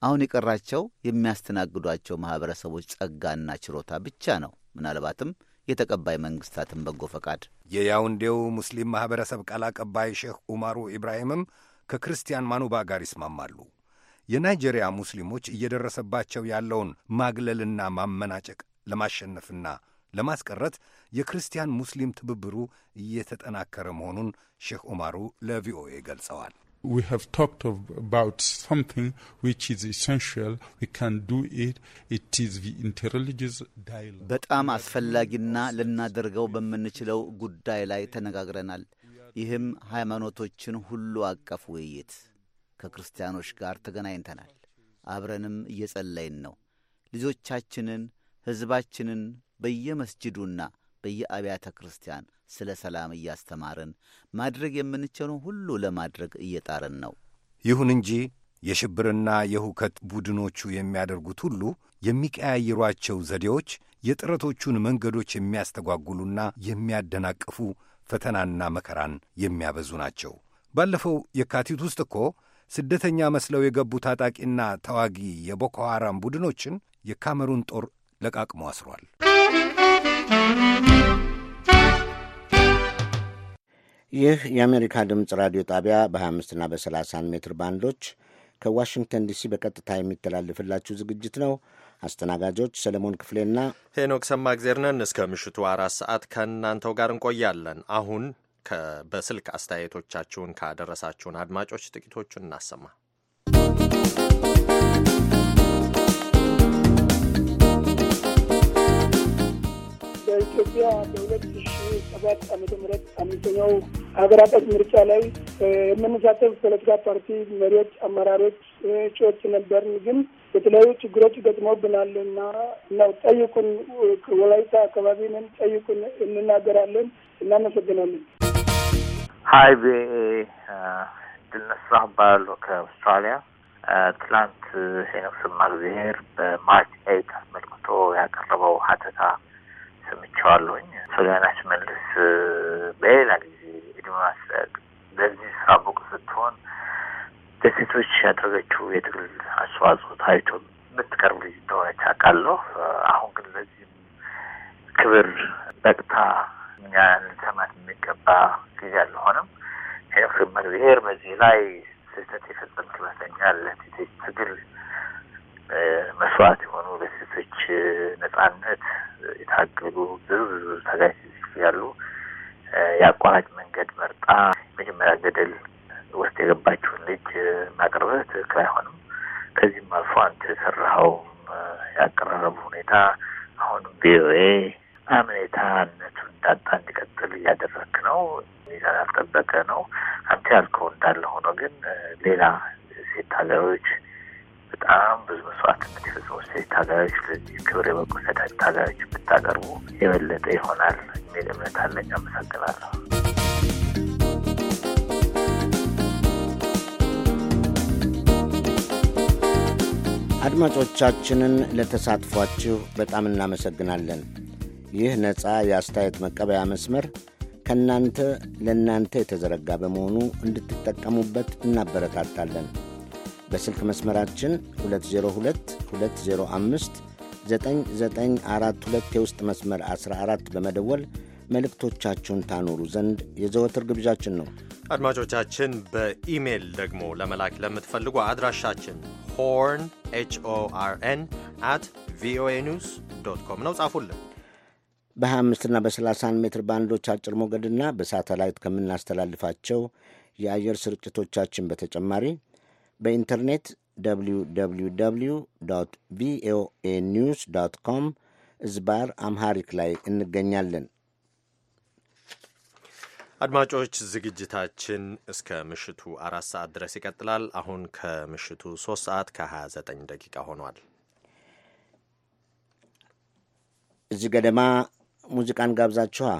አሁን የቀራቸው የሚያስተናግዷቸው ማኅበረሰቦች ጸጋና ችሮታ ብቻ ነው። ምናልባትም የተቀባይ መንግሥታትን በጎ ፈቃድ። የያውንዴው ሙስሊም ማኅበረሰብ ቃል አቀባይ ሼህ ኡማሩ ኢብራሂምም ከክርስቲያን ማኑባ ጋር ይስማማሉ። የናይጄሪያ ሙስሊሞች እየደረሰባቸው ያለውን ማግለልና ማመናጨቅ ለማሸነፍና ለማስቀረት የክርስቲያን ሙስሊም ትብብሩ እየተጠናከረ መሆኑን ሼህ ኡማሩ ለቪኦኤ ገልጸዋል። We have talked of, about something which is essential. We can do it. It is the interreligious dialogue. በጣም አስፈላጊና ልናደርገው በምንችለው ጉዳይ ላይ ተነጋግረናል። ይህም ሃይማኖቶችን ሁሉ አቀፍ ውይይት ከክርስቲያኖች ጋር ተገናኝተናል። አብረንም እየጸለይን ነው። ልጆቻችንን፣ ሕዝባችንን በየመስጅዱና በየአብያተ ክርስቲያን ስለ ሰላም እያስተማርን ማድረግ የምንችለውን ሁሉ ለማድረግ እየጣርን ነው። ይሁን እንጂ የሽብርና የሁከት ቡድኖቹ የሚያደርጉት ሁሉ የሚቀያይሯቸው ዘዴዎች የጥረቶቹን መንገዶች የሚያስተጓጉሉና የሚያደናቅፉ ፈተናና መከራን የሚያበዙ ናቸው። ባለፈው የካቲት ውስጥ እኮ ስደተኛ መስለው የገቡ ታጣቂና ተዋጊ የቦኮ ሐራም ቡድኖችን የካሜሩን ጦር ለቃቅሞ አስሯል። ይህ የአሜሪካ ድምፅ ራዲዮ ጣቢያ በ 25 እና በ30 ሜትር ባንዶች ከዋሽንግተን ዲሲ በቀጥታ የሚተላልፍላችሁ ዝግጅት ነው። አስተናጋጆች ሰለሞን ክፍሌና ሄኖክ ሰማእግዜር ነን። እስከ ምሽቱ አራት ሰዓት ከእናንተው ጋር እንቆያለን። አሁን በስልክ አስተያየቶቻችሁን ካደረሳችሁን አድማጮች ጥቂቶቹን እናሰማ። ኢትዮጵያ በሁለት ሺ ሰባት ዓመተ ምህረት አምስተኛው ሀገር አቀፍ ምርጫ ላይ የምንሳተፍ ፖለቲካ ፓርቲ መሪዎች፣ አመራሮች፣ እጩዎች ነበርን። ግን የተለያዩ ችግሮች ገጥሞብናል እና ነው ጠይቁን፣ ወላይታ አካባቢንን ጠይቁን፣ እንናገራለን። እናመሰግናለን። ሀይ ቪኦኤ ድልነስራህ እባላለሁ ከአውስትራሊያ። ትላንት ሄኖክ ሰማእግዜር በማርች ኤይት አስመልክቶ ያቀረበው ሀተታ ሰምቸዋለሁኝ። ሶሊያናሽ መልስ በሌላ ጊዜ እድሜ ማስረቅ በዚህ ስራ ብቁ ስትሆን ደሴቶች ያደረገችው የትግል አስተዋጽኦ ታይቶ የምትቀርብ ልጅ እንደሆነች አውቃለሁ። አሁን ግን ለዚህም ክብር በቅታ እኛ ልንሰማት የሚገባ ጊዜ አልሆነም። ሄኖክ መግብሔር በዚህ ላይ ስህተት የፈጸምክ ይመስለኛል። ትግል መስዋዕት የሆኑ ለሴቶች ነጻነት የታገሉ ብዙ ብዙ ታጋይ ያሉ የአቋራጭ መንገድ መርጣ መጀመሪያ ገደል ውስጥ የገባችውን ልጅ ማቅረብህ ትክክል አይሆንም። ከዚህም አልፎ አንተ የሰራኸው ያቀራረቡ ሁኔታ አሁንም ቪኦኤ አምኔታነቱ እንዳጣ እንዲቀጥል እያደረክ ነው። ሚዛን ያልጠበቀ ነው። አንተ ያልከው እንዳለ ሆኖ ግን ሌላ ሴት ሀገሮች በጣም ብዙ መስዋዕትነት የፈጸሙ ሴት ታጋዮች ለዚህ ክብር የበቁ ታጋዮች ብታቀርቡ የበለጠ ይሆናል የሚል እምነት አለኝ። አመሰግናለሁ። አድማጮቻችንን ለተሳትፏችሁ በጣም እናመሰግናለን። ይህ ነፃ የአስተያየት መቀበያ መስመር ከእናንተ ለእናንተ የተዘረጋ በመሆኑ እንድትጠቀሙበት እናበረታታለን። በስልክ መስመራችን 2022059942 የውስጥ መስመር 14 በመደወል መልእክቶቻችሁን ታኖሩ ዘንድ የዘወትር ግብዣችን ነው። አድማጮቻችን በኢሜይል ደግሞ ለመላክ ለምትፈልጉ አድራሻችን ሆርን ኤችኦአርን አት ቪኦኤ ኒውስ ዶት ኮም ነው። ጻፉልን። በ25 እና በ30 ሜትር ባንዶች አጭር ሞገድና በሳተላይት ከምናስተላልፋቸው የአየር ስርጭቶቻችን በተጨማሪ በኢንተርኔት www ቪኦኤ ኒውስ ዶት ኮም ዝባር አምሃሪክ ላይ እንገኛለን። አድማጮች ዝግጅታችን እስከ ምሽቱ አራት ሰዓት ድረስ ይቀጥላል። አሁን ከምሽቱ ሶስት ሰዓት ከ29 ደቂቃ ሆኗል። እዚህ ገደማ ሙዚቃን ጋብዛችኋ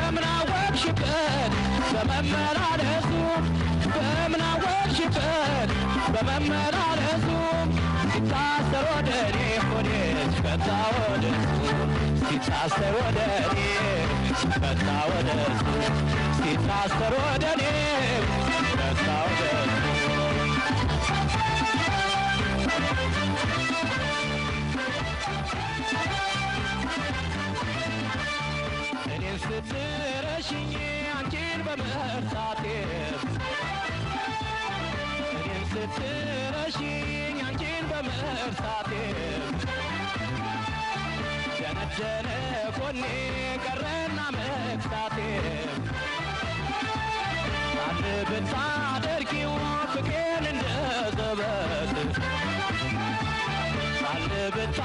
በምን አወቅሽበት በመመላለሱ በምን አወቅሽበት በመመላለሱ ሲታሰር ወደ እኔ ሆዴ ሲፈታ ሲታሰር ወደ እኔ ሲታሰር ወደ እኔ መርሳቴ እኔን ስትረሺኝ ኮኔ ቀረና መክሳቴ አንድ ብታደርጊው ፍቅሬን እንደ ዘበት አንድ ብታ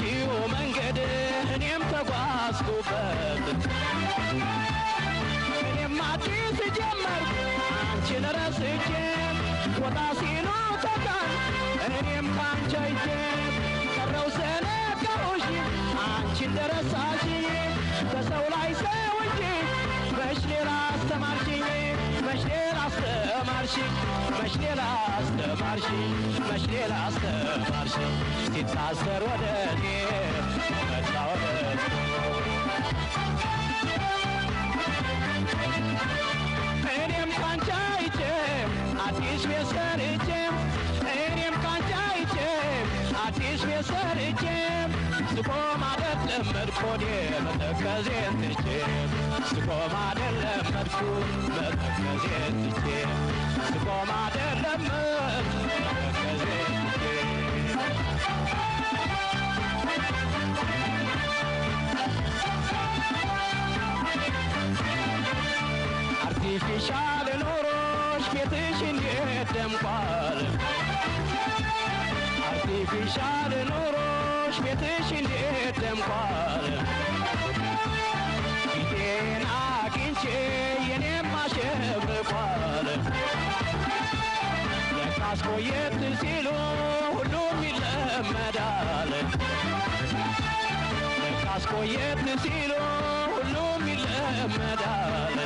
በሄድሽው መንገድ እኔም ተጓዝኩበት እኔም አዲስ ጀመርኩ አንቺን ረስቼ ወጣ ሲሉ ተቃል እኔም ካንቺ አይቼ ቀረው ዘነጋሁሽ አንቺን ደረሳሽ በሰው ላይ ሰው እንጂ በሽ ሌላ አስተማርሽ መሽኔል አስተማርሽ መሽኔል አስተማርሽ መሽኔል አስተማርሽ ሲታሰር ስቆም አይደለም መድቆኔ መተከዜን ትቼ መተከዜን ትቼ መተከዜን አርቲፊሻል ቤትሽ እንዴት ደምቋል አርቲፊሻል ኖሮ ቤትሽ እንዴት ደምቋል ፊቴን አግኝቼ የኔም አሸብቋል ለካስ ቆየት ሲሉ ሁሉም ይለመዳል ለካስ ቆየት ሲሉ ሁሉም ይለመዳል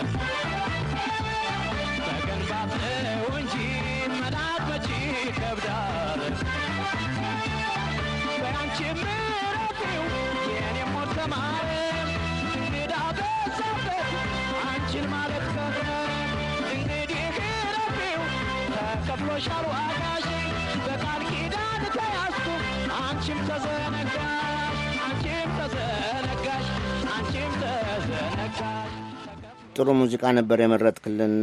ተገንባትው እንጂ መላት መቼ ይከብዳል ምህረቴው የኔ ሞት ተማረ እንግዳ በዛበት አንቺን ማለት ከሆነ እንግዲህ ምህረቴው ተከፍሎሻል ዋጋሽ በቃል ኪዳን ተያዝኩ አንቺም ተዘነጋሽ አንቺም ተዘነጋሽ አንቺም ተዘነጋሽ ጥሩ ሙዚቃ ነበር የመረጥክልን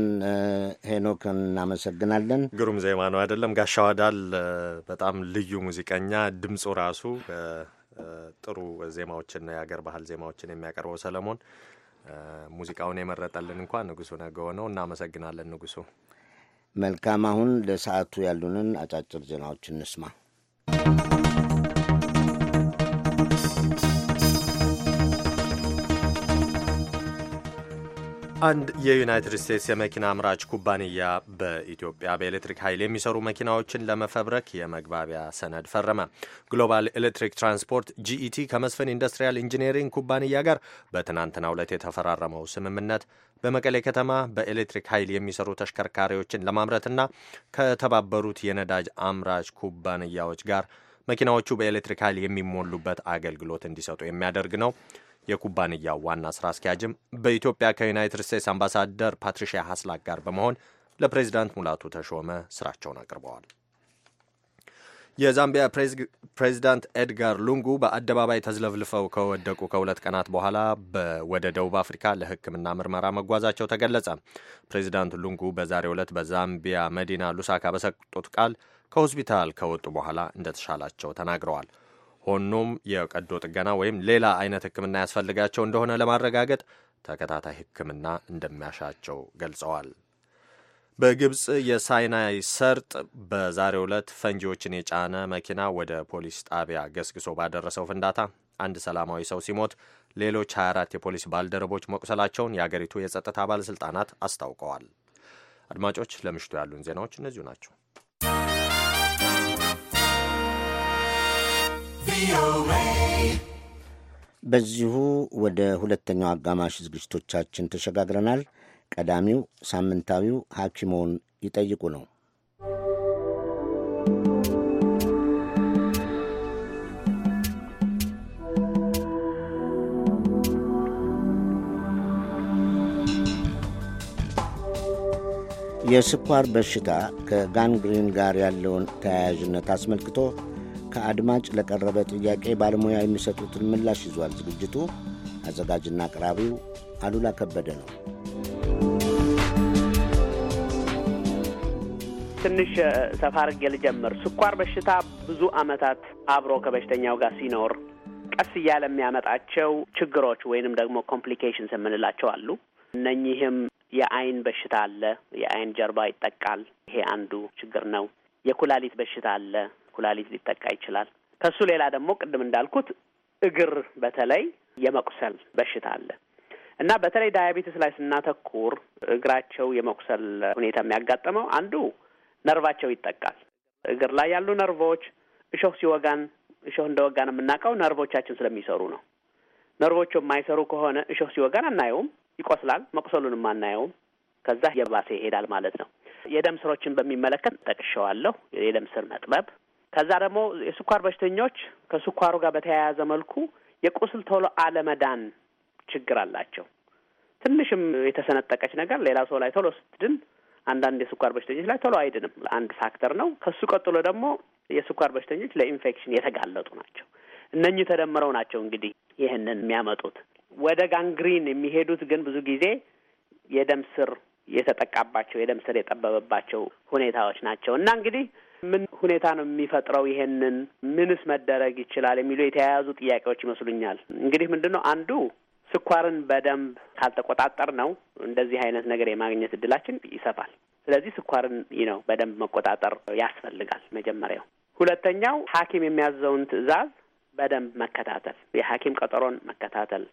ሄኖክ፣ እናመሰግናለን። ግሩም ዜማ ነው አይደለም? ጋሻ ዋዳል በጣም ልዩ ሙዚቀኛ፣ ድምፁ ራሱ ጥሩ ዜማዎችን የአገር ባህል ዜማዎችን የሚያቀርበው ሰለሞን ሙዚቃውን የመረጠልን እንኳ ንጉሱ ነገ ሆነው እናመሰግናለን ንጉሱ። መልካም፣ አሁን ለሰዓቱ ያሉንን አጫጭር ዜናዎች እንስማ። አንድ የዩናይትድ ስቴትስ የመኪና አምራች ኩባንያ በኢትዮጵያ በኤሌክትሪክ ኃይል የሚሰሩ መኪናዎችን ለመፈብረክ የመግባቢያ ሰነድ ፈረመ። ግሎባል ኤሌክትሪክ ትራንስፖርት ጂኢቲ ከመስፍን ኢንዱስትሪያል ኢንጂነሪንግ ኩባንያ ጋር በትናንትናው ዕለት የተፈራረመው ስምምነት በመቀሌ ከተማ በኤሌክትሪክ ኃይል የሚሰሩ ተሽከርካሪዎችን ለማምረትና ከተባበሩት የነዳጅ አምራች ኩባንያዎች ጋር መኪናዎቹ በኤሌክትሪክ ኃይል የሚሞሉበት አገልግሎት እንዲሰጡ የሚያደርግ ነው። የኩባንያው ዋና ስራ አስኪያጅም በኢትዮጵያ ከዩናይትድ ስቴትስ አምባሳደር ፓትሪሺያ ሀስላክ ጋር በመሆን ለፕሬዚዳንት ሙላቱ ተሾመ ስራቸውን አቅርበዋል። የዛምቢያ ፕሬዚዳንት ኤድጋር ሉንጉ በአደባባይ ተዝለፍልፈው ከወደቁ ከሁለት ቀናት በኋላ ወደ ደቡብ አፍሪካ ለሕክምና ምርመራ መጓዛቸው ተገለጸ። ፕሬዚዳንት ሉንጉ በዛሬው ዕለት በዛምቢያ መዲና ሉሳካ በሰጡት ቃል ከሆስፒታል ከወጡ በኋላ እንደተሻላቸው ተናግረዋል። ሆኖም የቀዶ ጥገና ወይም ሌላ አይነት ሕክምና ያስፈልጋቸው እንደሆነ ለማረጋገጥ ተከታታይ ሕክምና እንደሚያሻቸው ገልጸዋል። በግብፅ የሳይናይ ሰርጥ በዛሬው ዕለት ፈንጂዎችን የጫነ መኪና ወደ ፖሊስ ጣቢያ ገስግሶ ባደረሰው ፍንዳታ አንድ ሰላማዊ ሰው ሲሞት ሌሎች 24 የፖሊስ ባልደረቦች መቁሰላቸውን የአገሪቱ የጸጥታ ባለሥልጣናት አስታውቀዋል። አድማጮች፣ ለምሽቱ ያሉን ዜናዎች እነዚሁ ናቸው። በዚሁ ወደ ሁለተኛው አጋማሽ ዝግጅቶቻችን ተሸጋግረናል። ቀዳሚው ሳምንታዊው ሐኪሞን ይጠይቁ ነው። የስኳር በሽታ ከጋንግሪን ጋር ያለውን ተያያዥነት አስመልክቶ ከአድማጭ ለቀረበ ጥያቄ ባለሙያ የሚሰጡትን ምላሽ ይዟል። ዝግጅቱ አዘጋጅና አቅራቢው አሉላ ከበደ ነው። ትንሽ ሰፋ አድርጌ ልጀምር። ስኳር በሽታ ብዙ ዓመታት አብሮ ከበሽተኛው ጋር ሲኖር ቀስ እያለ የሚያመጣቸው ችግሮች ወይንም ደግሞ ኮምፕሊኬሽንስ የምንላቸው አሉ። እነኚህም የአይን በሽታ አለ። የአይን ጀርባ ይጠቃል። ይሄ አንዱ ችግር ነው። የኩላሊት በሽታ አለ። ኩላሊት ሊጠቃ ይችላል። ከሱ ሌላ ደግሞ ቅድም እንዳልኩት እግር በተለይ የመቁሰል በሽታ አለ እና በተለይ ዳያቤትስ ላይ ስናተኩር እግራቸው የመቁሰል ሁኔታ የሚያጋጥመው አንዱ ነርቫቸው ይጠቃል። እግር ላይ ያሉ ነርቮች እሾህ ሲወጋን እሾህ እንደወጋን የምናውቀው ነርቮቻችን ስለሚሰሩ ነው። ነርቮቹ የማይሰሩ ከሆነ እሾህ ሲወጋን አናየውም፣ ይቆስላል። መቁሰሉንም አናየውም። ከዛ የባሰ ይሄዳል ማለት ነው። የደም ስሮችን በሚመለከት ጠቅሸዋለሁ። የደም ስር መጥበብ ከዛ ደግሞ የስኳር በሽተኞች ከስኳሩ ጋር በተያያዘ መልኩ የቁስል ቶሎ አለመዳን ችግር አላቸው። ትንሽም የተሰነጠቀች ነገር ሌላ ሰው ላይ ቶሎ ስትድን፣ አንዳንድ የስኳር በሽተኞች ላይ ቶሎ አይድንም። አንድ ፋክተር ነው። ከሱ ቀጥሎ ደግሞ የስኳር በሽተኞች ለኢንፌክሽን የተጋለጡ ናቸው። እነኚህ ተደምረው ናቸው እንግዲህ ይህንን የሚያመጡት። ወደ ጋንግሪን የሚሄዱት ግን ብዙ ጊዜ የደም ስር የተጠቃባቸው የደም ስር የጠበበባቸው ሁኔታዎች ናቸው እና እንግዲህ ምን ሁኔታ ነው የሚፈጥረው? ይሄንን ምንስ መደረግ ይችላል? የሚሉ የተያያዙ ጥያቄዎች ይመስሉኛል። እንግዲህ ምንድን ነው አንዱ ስኳርን በደንብ ካልተቆጣጠር ነው እንደዚህ አይነት ነገር የማግኘት እድላችን ይሰፋል። ስለዚህ ስኳርን ነው በደንብ መቆጣጠር ያስፈልጋል መጀመሪያው። ሁለተኛው ሐኪም የሚያዘውን ትዕዛዝ በደንብ መከታተል፣ የሐኪም ቀጠሮን መከታተል፣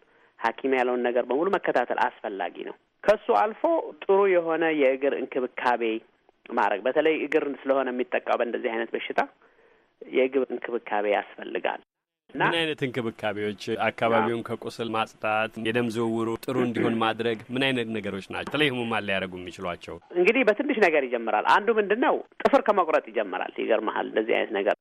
ሐኪም ያለውን ነገር በሙሉ መከታተል አስፈላጊ ነው። ከሱ አልፎ ጥሩ የሆነ የእግር እንክብካቤ ማድረግ በተለይ እግር ስለሆነ የሚጠቃው በእንደዚህ አይነት በሽታ የእግር እንክብካቤ ያስፈልጋል። ምን አይነት እንክብካቤዎች? አካባቢውን ከቁስል ማጽዳት፣ የደም ዝውውሩ ጥሩ እንዲሆን ማድረግ፣ ምን አይነት ነገሮች ናቸው በተለይ ህሙማን ሊያደርጉ የሚችሏቸው? እንግዲህ በትንሽ ነገር ይጀምራል። አንዱ ምንድን ነው? ጥፍር ከመቁረጥ ይጀምራል። ይገርመሃል፣ እንደዚህ አይነት ነገር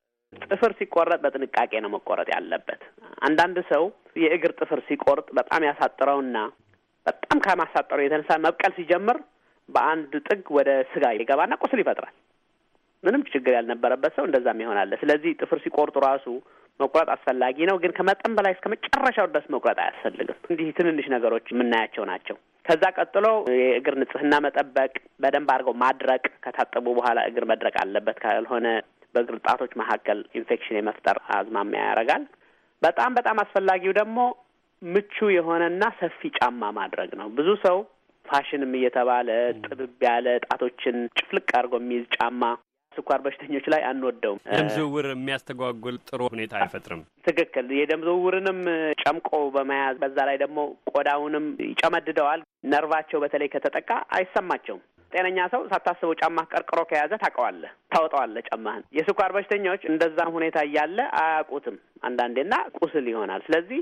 ጥፍር ሲቆረጥ በጥንቃቄ ነው መቆረጥ ያለበት። አንዳንድ ሰው የእግር ጥፍር ሲቆርጥ በጣም ያሳጥረውና በጣም ከማሳጠረው የተነሳ መብቀል ሲጀምር በአንድ ጥግ ወደ ስጋ ይገባና ቁስል ይፈጥራል። ምንም ችግር ያልነበረበት ሰው እንደዛም ይሆናል። ስለዚህ ጥፍር ሲቆርጡ ራሱ መቁረጥ አስፈላጊ ነው፣ ግን ከመጠን በላይ እስከ መጨረሻው ድረስ መቁረጥ አያስፈልግም። እንዲህ ትንንሽ ነገሮች የምናያቸው ናቸው። ከዛ ቀጥሎ የእግር ንጽህና መጠበቅ፣ በደንብ አድርገው ማድረቅ። ከታጠቡ በኋላ እግር መድረቅ አለበት፣ ካልሆነ በእግር ጣቶች መካከል ኢንፌክሽን የመፍጠር አዝማሚያ ያደርጋል። በጣም በጣም አስፈላጊው ደግሞ ምቹ የሆነና ሰፊ ጫማ ማድረግ ነው። ብዙ ሰው ፋሽንም እየተባለ ጥብብ ያለ ጣቶችን ጭፍልቅ አድርጎ የሚይዝ ጫማ ስኳር በሽተኞች ላይ አንወደውም። ደም ዝውውር የሚያስተጓጉል ጥሩ ሁኔታ አይፈጥርም። ትክክል። የደም ዝውውርንም ጨምቆ በመያዝ በዛ ላይ ደግሞ ቆዳውንም ይጨመድደዋል። ነርቫቸው በተለይ ከተጠቃ አይሰማቸውም። ጤነኛ ሰው ሳታስበው ጫማ ቀርቅሮ ከያዘ ታውቀዋለህ፣ ታወጣዋለህ ጫማህን። የስኳር በሽተኞች እንደዛም ሁኔታ እያለ አያውቁትም አንዳንዴና ቁስል ይሆናል። ስለዚህ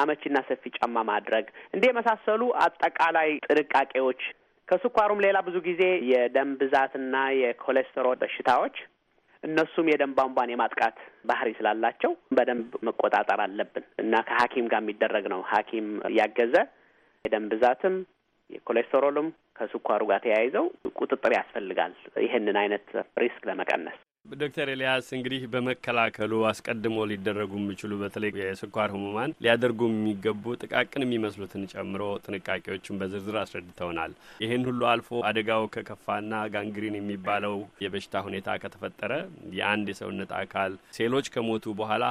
አመቺና ሰፊ ጫማ ማድረግ እንዲህ የመሳሰሉ አጠቃላይ ጥንቃቄዎች ከስኳሩም ሌላ ብዙ ጊዜ የደም ብዛትና የኮሌስተሮል በሽታዎች እነሱም የደም ቧንቧን የማጥቃት ባህሪ ስላላቸው በደንብ መቆጣጠር አለብን እና ከሐኪም ጋር የሚደረግ ነው። ሐኪም ያገዘ የደም ብዛትም የኮሌስተሮልም ከስኳሩ ጋር ተያይዘው ቁጥጥር ያስፈልጋል። ይህንን አይነት ሪስክ ለመቀነስ ዶክተር ኤልያስ እንግዲህ በመከላከሉ አስቀድሞ ሊደረጉ የሚችሉ በተለይ የስኳር ህሙማን ሊያደርጉ የሚገቡ ጥቃቅን የሚመስሉትን ጨምሮ ጥንቃቄዎችን በዝርዝር አስረድተውናል። ይህን ሁሉ አልፎ አደጋው ከከፋና ጋንግሪን የሚባለው የበሽታ ሁኔታ ከተፈጠረ የአንድ የሰውነት አካል ሴሎች ከሞቱ በኋላ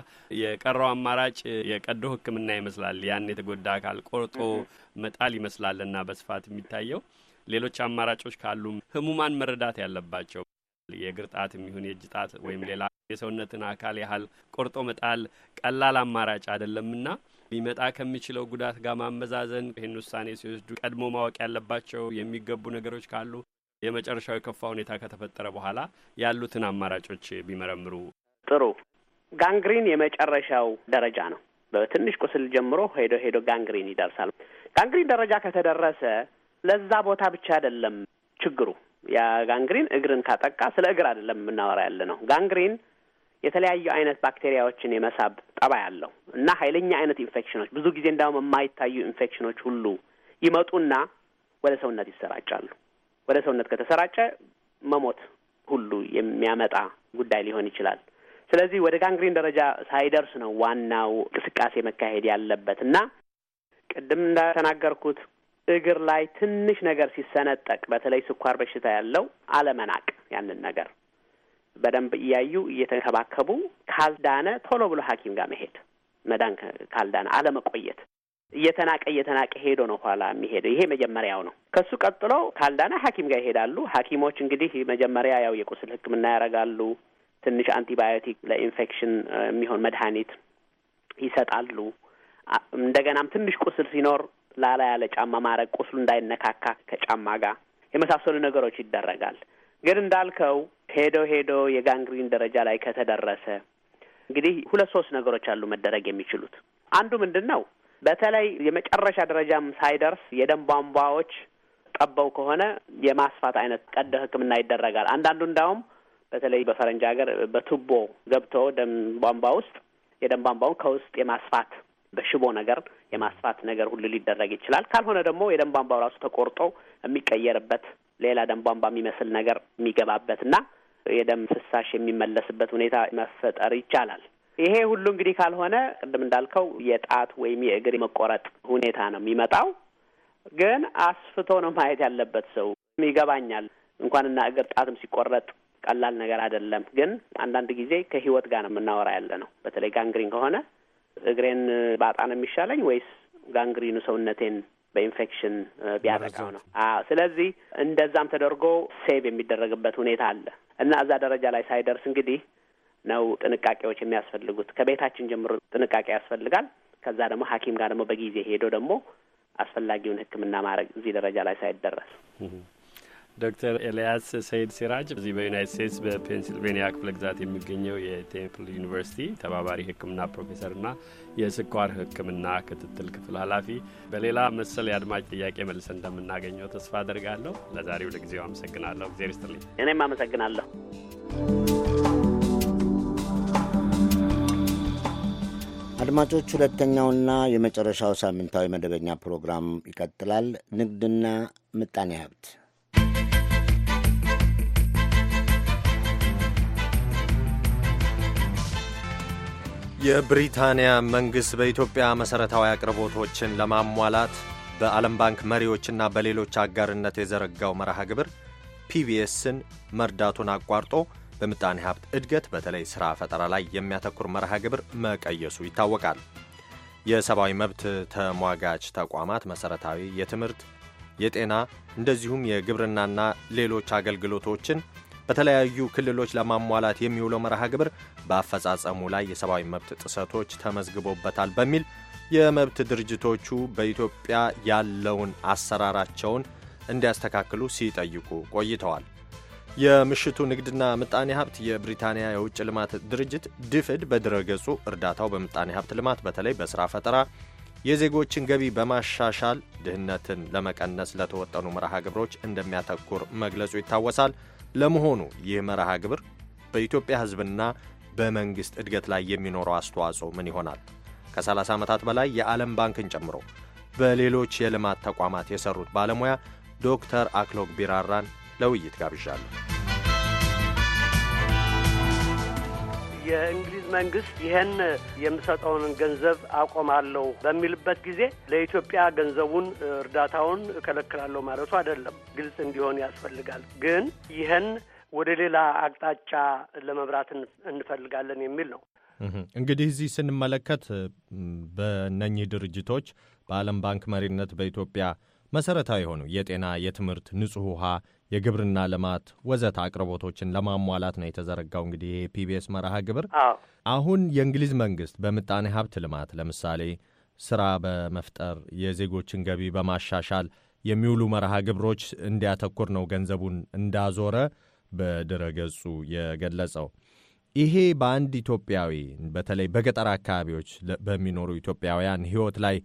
የቀረው አማራጭ የቀዶ ሕክምና ይመስላል። ያን የተጎዳ አካል ቆርጦ መጣል ይመስላልና በስፋት የሚታየው ሌሎች አማራጮች ካሉም ህሙማን መረዳት ያለባቸው የእግር ጣት የሚሆን የእጅ ጣት ወይም ሌላ የሰውነትን አካል ያህል ቆርጦ መጣል ቀላል አማራጭ አይደለምና ሊመጣ ከሚችለው ጉዳት ጋር ማመዛዘን፣ ይህን ውሳኔ ሲወስዱ ቀድሞ ማወቅ ያለባቸው የሚገቡ ነገሮች ካሉ የመጨረሻው የከፋ ሁኔታ ከተፈጠረ በኋላ ያሉትን አማራጮች ቢመረምሩ ጥሩ። ጋንግሪን የመጨረሻው ደረጃ ነው። በትንሽ ቁስል ጀምሮ ሄዶ ሄዶ ጋንግሪን ይደርሳል። ጋንግሪን ደረጃ ከተደረሰ ለዛ ቦታ ብቻ አይደለም ችግሩ የጋንግሪን እግርን ካጠቃ ስለ እግር አይደለም የምናወራ ያለ ነው። ጋንግሪን የተለያዩ አይነት ባክቴሪያዎችን የመሳብ ጠባይ አለው እና ኃይለኛ አይነት ኢንፌክሽኖች ብዙ ጊዜ እንዳውም የማይታዩ ኢንፌክሽኖች ሁሉ ይመጡና ወደ ሰውነት ይሰራጫሉ። ወደ ሰውነት ከተሰራጨ መሞት ሁሉ የሚያመጣ ጉዳይ ሊሆን ይችላል። ስለዚህ ወደ ጋንግሪን ደረጃ ሳይደርስ ነው ዋናው እንቅስቃሴ መካሄድ ያለበት እና ቅድም እንደተናገርኩት እግር ላይ ትንሽ ነገር ሲሰነጠቅ በተለይ ስኳር በሽታ ያለው አለመናቅ ያንን ነገር በደንብ እያዩ እየተንከባከቡ ካልዳነ ቶሎ ብሎ ሐኪም ጋር መሄድ መዳን ካልዳነ አለመቆየት እየተናቀ እየተናቀ ሄዶ ነው ኋላ የሚሄደው። ይሄ መጀመሪያው ነው። ከሱ ቀጥሎ ካልዳነ ሐኪም ጋር ይሄዳሉ። ሐኪሞች እንግዲህ መጀመሪያ ያው የቁስል ሕክምና ያደርጋሉ። ትንሽ አንቲባዮቲክ ለኢንፌክሽን የሚሆን መድኃኒት ይሰጣሉ። እንደገናም ትንሽ ቁስል ሲኖር ላላ ያለ ጫማ ማድረግ፣ ቁስሉ እንዳይነካካ ከጫማ ጋር የመሳሰሉ ነገሮች ይደረጋል። ግን እንዳልከው ሄዶ ሄዶ የጋንግሪን ደረጃ ላይ ከተደረሰ እንግዲህ ሁለት ሶስት ነገሮች አሉ መደረግ የሚችሉት። አንዱ ምንድን ነው? በተለይ የመጨረሻ ደረጃም ሳይደርስ የደም ቧንቧዎች ጠበው ከሆነ የማስፋት አይነት ቀዶ ሕክምና ይደረጋል። አንዳንዱ እንዳውም በተለይ በፈረንጅ ሀገር በቱቦ ገብቶ ደም ቧንቧ ውስጥ የደም ቧንቧውን ከውስጥ የማስፋት በሽቦ ነገር የማስፋት ነገር ሁሉ ሊደረግ ይችላል። ካልሆነ ደግሞ የደም ቧንቧው ራሱ ተቆርጦ የሚቀየርበት ሌላ ደም ቧንቧ የሚመስል ነገር የሚገባበት እና የደም ፍሳሽ የሚመለስበት ሁኔታ መፈጠር ይቻላል። ይሄ ሁሉ እንግዲህ ካልሆነ ቅድም እንዳልከው የጣት ወይም የእግር መቆረጥ ሁኔታ ነው የሚመጣው። ግን አስፍቶ ነው ማየት ያለበት ሰው ይገባኛል። እንኳንና እግር ጣትም ሲቆረጥ ቀላል ነገር አይደለም። ግን አንዳንድ ጊዜ ከህይወት ጋር ነው የምናወራ ያለ ነው። በተለይ ጋንግሪን ከሆነ እግሬን ባጣ ነው የሚሻለኝ ወይስ ጋንግሪኑ ሰውነቴን በኢንፌክሽን ቢያጠቃው ነው? አዎ። ስለዚህ እንደዛም ተደርጎ ሴቭ የሚደረግበት ሁኔታ አለ እና እዛ ደረጃ ላይ ሳይደርስ እንግዲህ ነው ጥንቃቄዎች የሚያስፈልጉት። ከቤታችን ጀምሮ ጥንቃቄ ያስፈልጋል። ከዛ ደግሞ ሐኪም ጋር ደግሞ በጊዜ ሄዶ ደግሞ አስፈላጊውን ሕክምና ማድረግ እዚህ ደረጃ ላይ ሳይደረስ ዶክተር ኤልያስ ሰይድ ሲራጅ በዚህ በዩናይት ስቴትስ በፔንሲልቬኒያ ክፍለ ግዛት የሚገኘው የቴምፕል ዩኒቨርሲቲ ተባባሪ ሕክምና ፕሮፌሰርና የስኳር ሕክምና ክትትል ክፍል ኃላፊ፣ በሌላ መሰል የአድማጭ ጥያቄ መልሰ እንደምናገኘው ተስፋ አድርጋለሁ። ለዛሬው ለጊዜው አመሰግናለሁ። እግዜር ይስጥልኝ። እኔም አመሰግናለሁ። አድማጮች ሁለተኛውና የመጨረሻው ሳምንታዊ መደበኛ ፕሮግራም ይቀጥላል። ንግድና ምጣኔ ሀብት የብሪታንያ መንግሥት በኢትዮጵያ መሠረታዊ አቅርቦቶችን ለማሟላት በዓለም ባንክ መሪዎችና በሌሎች አጋርነት የዘረጋው መርሃ ግብር ፒቢኤስን መርዳቱን አቋርጦ በምጣኔ ሀብት እድገት በተለይ ሥራ ፈጠራ ላይ የሚያተኩር መርሃ ግብር መቀየሱ ይታወቃል። የሰብአዊ መብት ተሟጋች ተቋማት መሠረታዊ የትምህርት፣ የጤና እንደዚሁም የግብርናና ሌሎች አገልግሎቶችን በተለያዩ ክልሎች ለማሟላት የሚውለው መርሃ ግብር በአፈጻጸሙ ላይ የሰብአዊ መብት ጥሰቶች ተመዝግቦበታል በሚል የመብት ድርጅቶቹ በኢትዮጵያ ያለውን አሰራራቸውን እንዲያስተካክሉ ሲጠይቁ ቆይተዋል። የምሽቱ ንግድና ምጣኔ ሀብት የብሪታንያ የውጭ ልማት ድርጅት ድፍድ በድረገጹ እርዳታው በምጣኔ ሀብት ልማት በተለይ በስራ ፈጠራ የዜጎችን ገቢ በማሻሻል ድህነትን ለመቀነስ ለተወጠኑ መርሃ ግብሮች እንደሚያተኩር መግለጹ ይታወሳል። ለመሆኑ ይህ መርሃ ግብር በኢትዮጵያ ሕዝብና በመንግሥት እድገት ላይ የሚኖረው አስተዋጽኦ ምን ይሆናል? ከ30 ዓመታት በላይ የዓለም ባንክን ጨምሮ በሌሎች የልማት ተቋማት የሰሩት ባለሙያ ዶክተር አክሎግ ቢራራን ለውይይት ጋብዣለሁ። የእንግሊዝ መንግስት ይህን የምሰጠውን ገንዘብ አቆማለሁ በሚልበት ጊዜ ለኢትዮጵያ ገንዘቡን እርዳታውን እከለክላለሁ ማለቱ አይደለም። ግልጽ እንዲሆን ያስፈልጋል። ግን ይህን ወደ ሌላ አቅጣጫ ለመብራት እንፈልጋለን የሚል ነው። እንግዲህ እዚህ ስንመለከት በእነኚህ ድርጅቶች በዓለም ባንክ መሪነት በኢትዮጵያ መሰረታዊ የሆኑ የጤና፣ የትምህርት፣ ንጹህ ውሃ፣ የግብርና ልማት ወዘት አቅርቦቶችን ለማሟላት ነው የተዘረጋው። እንግዲህ ይሄ ፒቢኤስ መርሃ ግብር አሁን የእንግሊዝ መንግስት በምጣኔ ሀብት ልማት ለምሳሌ ስራ በመፍጠር የዜጎችን ገቢ በማሻሻል የሚውሉ መርሃ ግብሮች እንዲያተኩር ነው ገንዘቡን እንዳዞረ በድረ ገጹ የገለጸው። ይሄ በአንድ ኢትዮጵያዊ በተለይ በገጠር አካባቢዎች በሚኖሩ ኢትዮጵያውያን ህይወት ላይ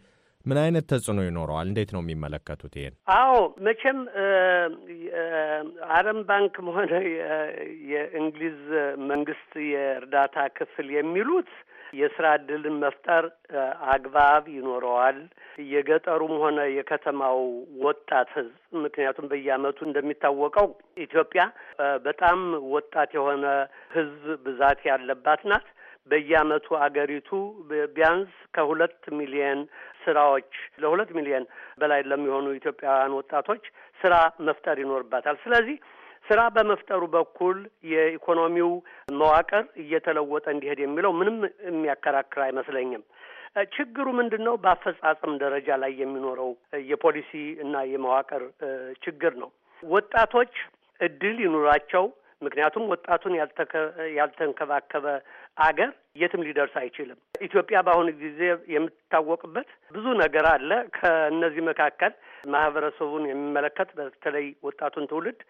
ምን አይነት ተጽዕኖ ይኖረዋል? እንዴት ነው የሚመለከቱት ይሄን? አዎ መቼም አረም ባንክም ሆነ የእንግሊዝ መንግስት የእርዳታ ክፍል የሚሉት የስራ እድልን መፍጠር አግባብ ይኖረዋል። የገጠሩም ሆነ የከተማው ወጣት ህዝብ ምክንያቱም በየአመቱ እንደሚታወቀው ኢትዮጵያ በጣም ወጣት የሆነ ህዝብ ብዛት ያለባት ናት። በየአመቱ አገሪቱ ቢያንስ ከሁለት ሚሊየን ስራዎች ለሁለት ሚሊዮን በላይ ለሚሆኑ ኢትዮጵያውያን ወጣቶች ስራ መፍጠር ይኖርባታል። ስለዚህ ስራ በመፍጠሩ በኩል የኢኮኖሚው መዋቅር እየተለወጠ እንዲሄድ የሚለው ምንም የሚያከራክር አይመስለኝም። ችግሩ ምንድን ነው? በአፈጻጸም ደረጃ ላይ የሚኖረው የፖሊሲ እና የመዋቅር ችግር ነው። ወጣቶች እድል ይኑራቸው፣ ምክንያቱም ወጣቱን ያልተንከባከበ አገር የትም ሊደርስ አይችልም። ኢትዮጵያ በአሁኑ ጊዜ የምትታወቅበት ብዙ ነገር አለ። ከእነዚህ መካከል ማህበረሰቡን የሚመለከት በተለይ ወጣቱን ትውልድ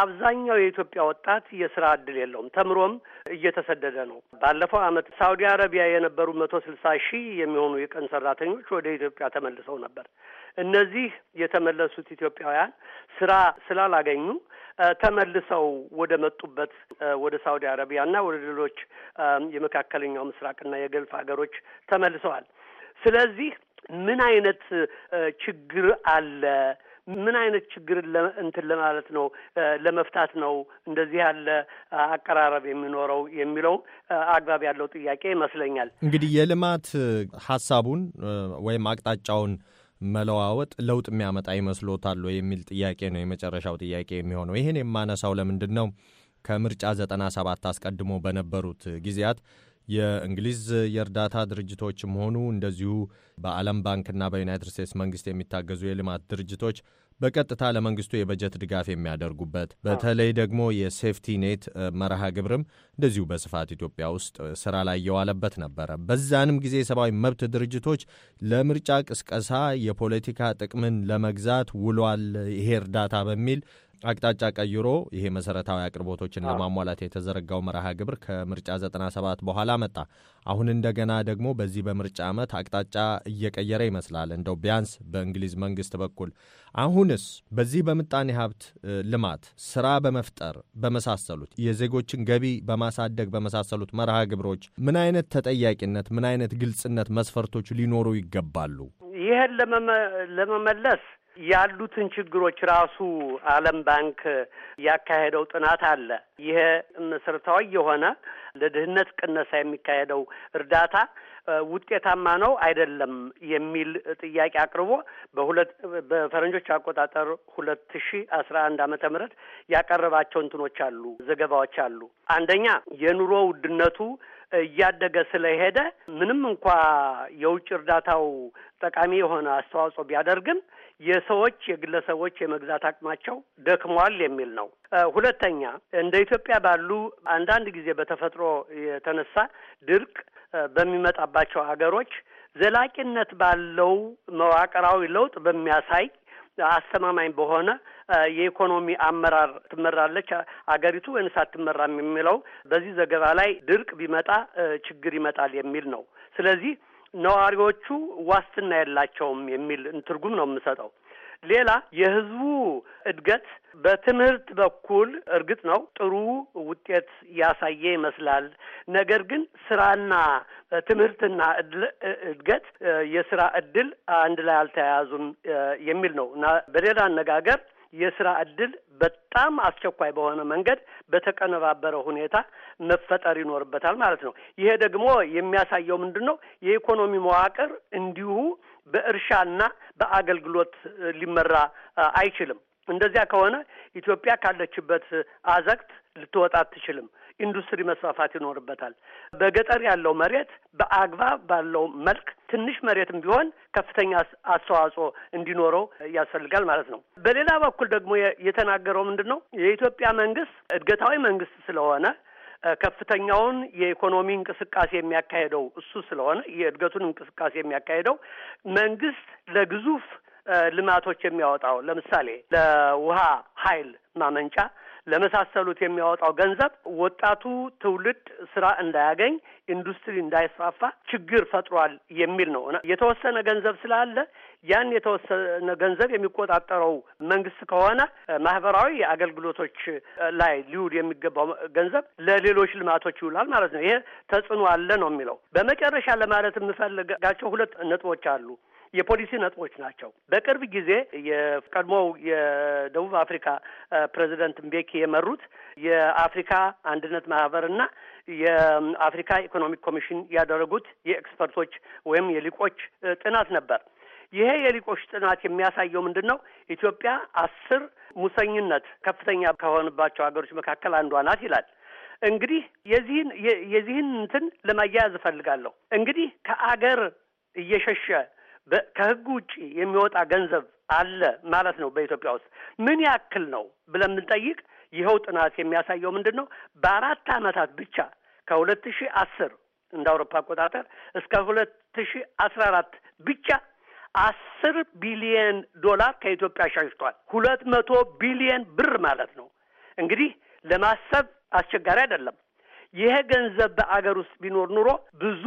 አብዛኛው የኢትዮጵያ ወጣት የስራ እድል የለውም። ተምሮም እየተሰደደ ነው። ባለፈው አመት ሳውዲ አረቢያ የነበሩ መቶ ስልሳ ሺህ የሚሆኑ የቀን ሰራተኞች ወደ ኢትዮጵያ ተመልሰው ነበር። እነዚህ የተመለሱት ኢትዮጵያውያን ስራ ስላላገኙ ተመልሰው ወደ መጡበት ወደ ሳውዲ አረቢያና ወደ ሌሎች የመካከለኛው ምስራቅና የገልፍ ሀገሮች ተመልሰዋል። ስለዚህ ምን አይነት ችግር አለ? ምን አይነት ችግር እንትን ለማለት ነው ለመፍታት ነው እንደዚህ ያለ አቀራረብ የሚኖረው የሚለው አግባብ ያለው ጥያቄ ይመስለኛል። እንግዲህ የልማት ሀሳቡን ወይም አቅጣጫውን መለዋወጥ ለውጥ የሚያመጣ ይመስሎታል የሚል ጥያቄ ነው የመጨረሻው ጥያቄ የሚሆነው። ይህን የማነሳው ለምንድን ነው ከምርጫ ዘጠና ሰባት አስቀድሞ በነበሩት ጊዜያት የእንግሊዝ የእርዳታ ድርጅቶችም ሆኑ እንደዚሁ በዓለም ባንክና በዩናይትድ ስቴትስ መንግስት የሚታገዙ የልማት ድርጅቶች በቀጥታ ለመንግስቱ የበጀት ድጋፍ የሚያደርጉበት በተለይ ደግሞ የሴፍቲ ኔት መርሃ ግብርም እንደዚሁ በስፋት ኢትዮጵያ ውስጥ ስራ ላይ የዋለበት ነበረ። በዛንም ጊዜ የሰብአዊ መብት ድርጅቶች ለምርጫ ቅስቀሳ የፖለቲካ ጥቅምን ለመግዛት ውሏል ይሄ እርዳታ በሚል አቅጣጫ ቀይሮ ይሄ መሰረታዊ አቅርቦቶችን ለማሟላት የተዘረጋው መርሃ ግብር ከምርጫ 97 በኋላ መጣ። አሁን እንደገና ደግሞ በዚህ በምርጫ ዓመት አቅጣጫ እየቀየረ ይመስላል። እንደው ቢያንስ በእንግሊዝ መንግስት በኩል አሁንስ በዚህ በምጣኔ ሀብት ልማት፣ ስራ በመፍጠር በመሳሰሉት የዜጎችን ገቢ በማሳደግ በመሳሰሉት መርሃ ግብሮች ምን አይነት ተጠያቂነት፣ ምን አይነት ግልጽነት መስፈርቶች ሊኖሩ ይገባሉ? ይህን ለመመለስ ያሉትን ችግሮች ራሱ ዓለም ባንክ ያካሄደው ጥናት አለ። ይሄ መሰረታዊ የሆነ ለድህነት ቅነሳ የሚካሄደው እርዳታ ውጤታማ ነው አይደለም የሚል ጥያቄ አቅርቦ በሁለት በፈረንጆች አቆጣጠር ሁለት ሺ አስራ አንድ አመተ ምህረት ያቀረባቸው እንትኖች አሉ፣ ዘገባዎች አሉ። አንደኛ የኑሮ ውድነቱ እያደገ ስለሄደ ምንም እንኳ የውጭ እርዳታው ጠቃሚ የሆነ አስተዋጽኦ ቢያደርግም የሰዎች የግለሰቦች የመግዛት አቅማቸው ደክሟል የሚል ነው። ሁለተኛ እንደ ኢትዮጵያ ባሉ አንዳንድ ጊዜ በተፈጥሮ የተነሳ ድርቅ በሚመጣባቸው አገሮች ዘላቂነት ባለው መዋቅራዊ ለውጥ በሚያሳይ አስተማማኝ በሆነ የኢኮኖሚ አመራር ትመራለች አገሪቱ ወይንስ አትመራም የሚለው በዚህ ዘገባ ላይ ድርቅ ቢመጣ ችግር ይመጣል የሚል ነው። ስለዚህ ነዋሪዎቹ ዋስትና የላቸውም የሚል ትርጉም ነው የምሰጠው። ሌላ የህዝቡ እድገት በትምህርት በኩል እርግጥ ነው ጥሩ ውጤት ያሳየ ይመስላል። ነገር ግን ስራና ትምህርትና እድገት የስራ እድል አንድ ላይ አልተያያዙም የሚል ነው እና በሌላ አነጋገር የስራ እድል በጣም አስቸኳይ በሆነ መንገድ በተቀነባበረ ሁኔታ መፈጠር ይኖርበታል ማለት ነው። ይሄ ደግሞ የሚያሳየው ምንድን ነው? የኢኮኖሚ መዋቅር እንዲሁ በእርሻና በአገልግሎት ሊመራ አይችልም። እንደዚያ ከሆነ ኢትዮጵያ ካለችበት አዘቅት ልትወጣ አትችልም። ኢንዱስትሪ መስፋፋት ይኖርበታል። በገጠር ያለው መሬት በአግባብ ባለው መልክ ትንሽ መሬትም ቢሆን ከፍተኛ አስተዋጽኦ እንዲኖረው ያስፈልጋል ማለት ነው። በሌላ በኩል ደግሞ የተናገረው ምንድን ነው? የኢትዮጵያ መንግስት እድገታዊ መንግስት ስለሆነ ከፍተኛውን የኢኮኖሚ እንቅስቃሴ የሚያካሄደው እሱ ስለሆነ የእድገቱን እንቅስቃሴ የሚያካሄደው መንግስት ለግዙፍ ልማቶች የሚያወጣው ለምሳሌ ለውሃ ኃይል ማመንጫ ለመሳሰሉት የሚያወጣው ገንዘብ ወጣቱ ትውልድ ስራ እንዳያገኝ፣ ኢንዱስትሪ እንዳይስፋፋ ችግር ፈጥሯል የሚል ነው። የተወሰነ ገንዘብ ስላለ ያን የተወሰነ ገንዘብ የሚቆጣጠረው መንግስት ከሆነ ማህበራዊ አገልግሎቶች ላይ ሊውል የሚገባው ገንዘብ ለሌሎች ልማቶች ይውላል ማለት ነው። ይሄ ተጽዕኖ አለ ነው የሚለው። በመጨረሻ ለማለት የምፈልጋቸው ሁለት ነጥቦች አሉ። የፖሊሲ ነጥቦች ናቸው። በቅርብ ጊዜ የቀድሞው የደቡብ አፍሪካ ፕሬዚደንት ምቤኪ የመሩት የአፍሪካ አንድነት ማህበርና የአፍሪካ ኢኮኖሚክ ኮሚሽን ያደረጉት የኤክስፐርቶች ወይም የሊቆች ጥናት ነበር። ይሄ የሊቆች ጥናት የሚያሳየው ምንድን ነው? ኢትዮጵያ አስር ሙሰኝነት ከፍተኛ ከሆነባቸው ሀገሮች መካከል አንዷ ናት ይላል። እንግዲህ የዚህን የዚህን እንትን ለማያያዝ እፈልጋለሁ። እንግዲህ ከአገር እየሸሸ ከህግ ውጭ የሚወጣ ገንዘብ አለ ማለት ነው በኢትዮጵያ ውስጥ ምን ያክል ነው ብለን ብንጠይቅ ይኸው ጥናት የሚያሳየው ምንድን ነው በአራት ዓመታት ብቻ ከሁለት ሺ አስር እንደ አውሮፓ አቆጣጠር እስከ ሁለት ሺ አስራ አራት ብቻ አስር ቢሊየን ዶላር ከኢትዮጵያ ሸሽቷል። ሁለት መቶ ቢሊየን ብር ማለት ነው። እንግዲህ ለማሰብ አስቸጋሪ አይደለም። ይሄ ገንዘብ በአገር ውስጥ ቢኖር ኑሮ ብዙ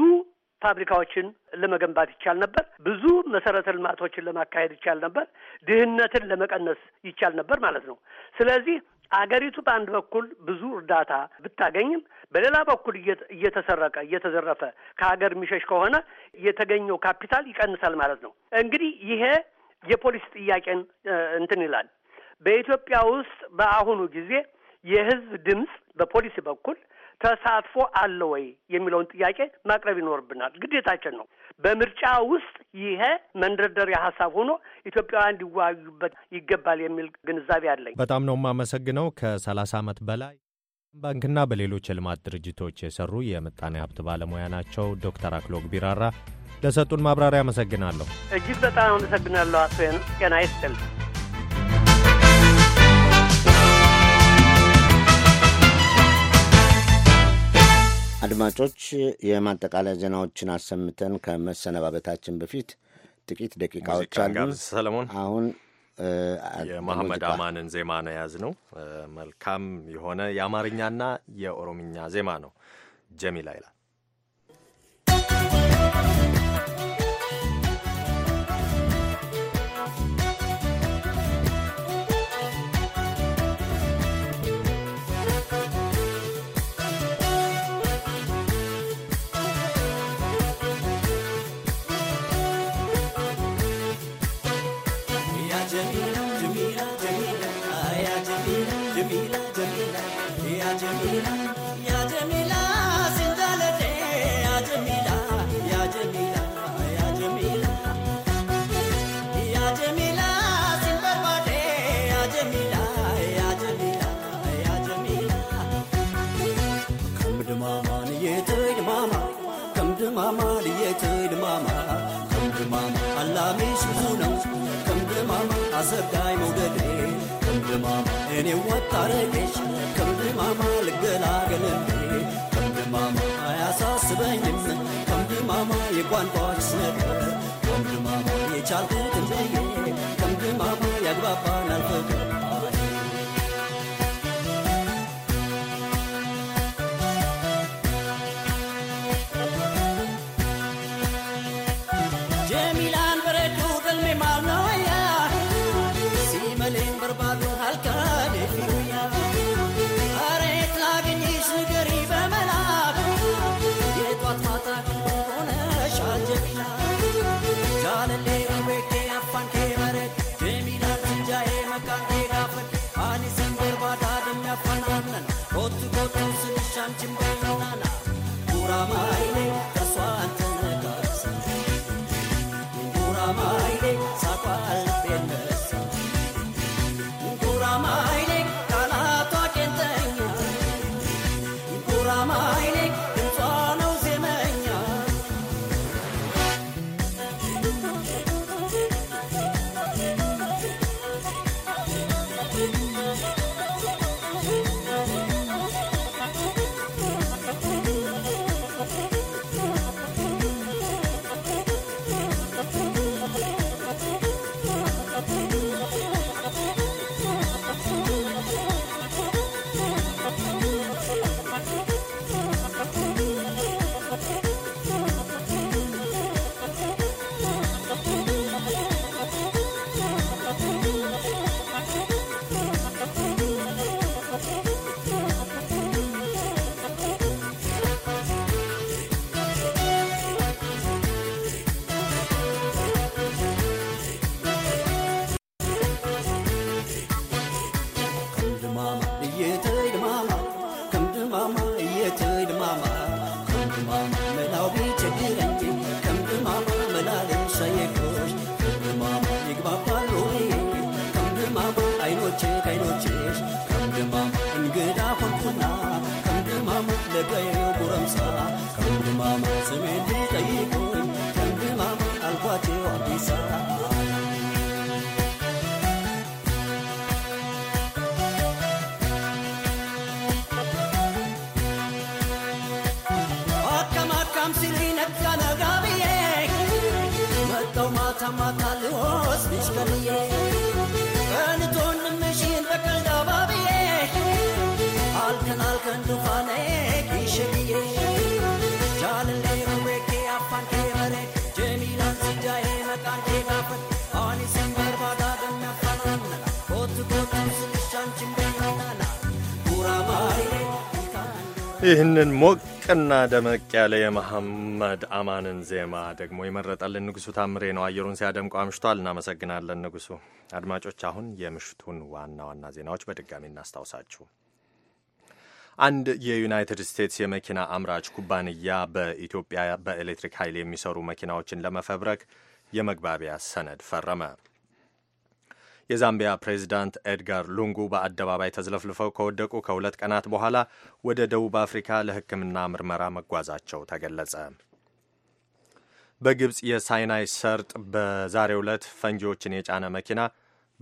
ፋብሪካዎችን ለመገንባት ይቻል ነበር። ብዙ መሰረተ ልማቶችን ለማካሄድ ይቻል ነበር። ድህነትን ለመቀነስ ይቻል ነበር ማለት ነው። ስለዚህ አገሪቱ በአንድ በኩል ብዙ እርዳታ ብታገኝም በሌላ በኩል እየተሰረቀ እየተዘረፈ ከሀገር የሚሸሽ ከሆነ የተገኘው ካፒታል ይቀንሳል ማለት ነው። እንግዲህ ይሄ የፖሊሲ ጥያቄን እንትን ይላል። በኢትዮጵያ ውስጥ በአሁኑ ጊዜ የህዝብ ድምፅ በፖሊሲ በኩል ተሳትፎ አለ ወይ የሚለውን ጥያቄ ማቅረብ ይኖርብናል፣ ግዴታችን ነው። በምርጫ ውስጥ ይሄ መንደርደሪያ ሀሳብ ሆኖ ኢትዮጵያውያን እንዲወያዩበት ይገባል የሚል ግንዛቤ አለኝ። በጣም ነው የማመሰግነው። ከሰላሳ ዓመት በላይ ባንክና በሌሎች የልማት ድርጅቶች የሰሩ የምጣኔ ሀብት ባለሙያ ናቸው ዶክተር አክሎግ ቢራራ ለሰጡን ማብራሪያ አመሰግናለሁ። እጅግ በጣም አመሰግናለሁ። አቶ ጤና ይስጥልኝ። አድማጮች የማጠቃለያ ዜናዎችን አሰምተን ከመሰነባበታችን በፊት ጥቂት ደቂቃዎች አሉ። ሰለሞን አሁን የመሐመድ አማንን ዜማ ነው የያዝነው። መልካም የሆነ የአማርኛና የኦሮምኛ ዜማ ነው። ጀሚላ ይላል Come to mama, I said, I'm ድማማ ልገላገል ከምድማማ አያሳስበኝም ከምድማማ የቋንቋች ነገር ከምድማማ የቻልኩት እንዘዬ ከምድማማ ያግባባናል ፍቅር Jimbo. ይህንን ሞቅና ደመቅ ያለ የመሐመድ አማንን ዜማ ደግሞ ይመረጠልን ንጉሱ ታምሬ ነው። አየሩን ሲያደምቁ አምሽቷል። እናመሰግናለን ንጉሱ። አድማጮች፣ አሁን የምሽቱን ዋና ዋና ዜናዎች በድጋሚ እናስታውሳችሁ። አንድ የዩናይትድ ስቴትስ የመኪና አምራች ኩባንያ በኢትዮጵያ በኤሌክትሪክ ኃይል የሚሰሩ መኪናዎችን ለመፈብረክ የመግባቢያ ሰነድ ፈረመ። የዛምቢያ ፕሬዚዳንት ኤድጋር ሉንጉ በአደባባይ ተዝለፍልፈው ከወደቁ ከሁለት ቀናት በኋላ ወደ ደቡብ አፍሪካ ለሕክምና ምርመራ መጓዛቸው ተገለጸ። በግብፅ የሳይናይ ሰርጥ በዛሬው ዕለት ፈንጂዎችን የጫነ መኪና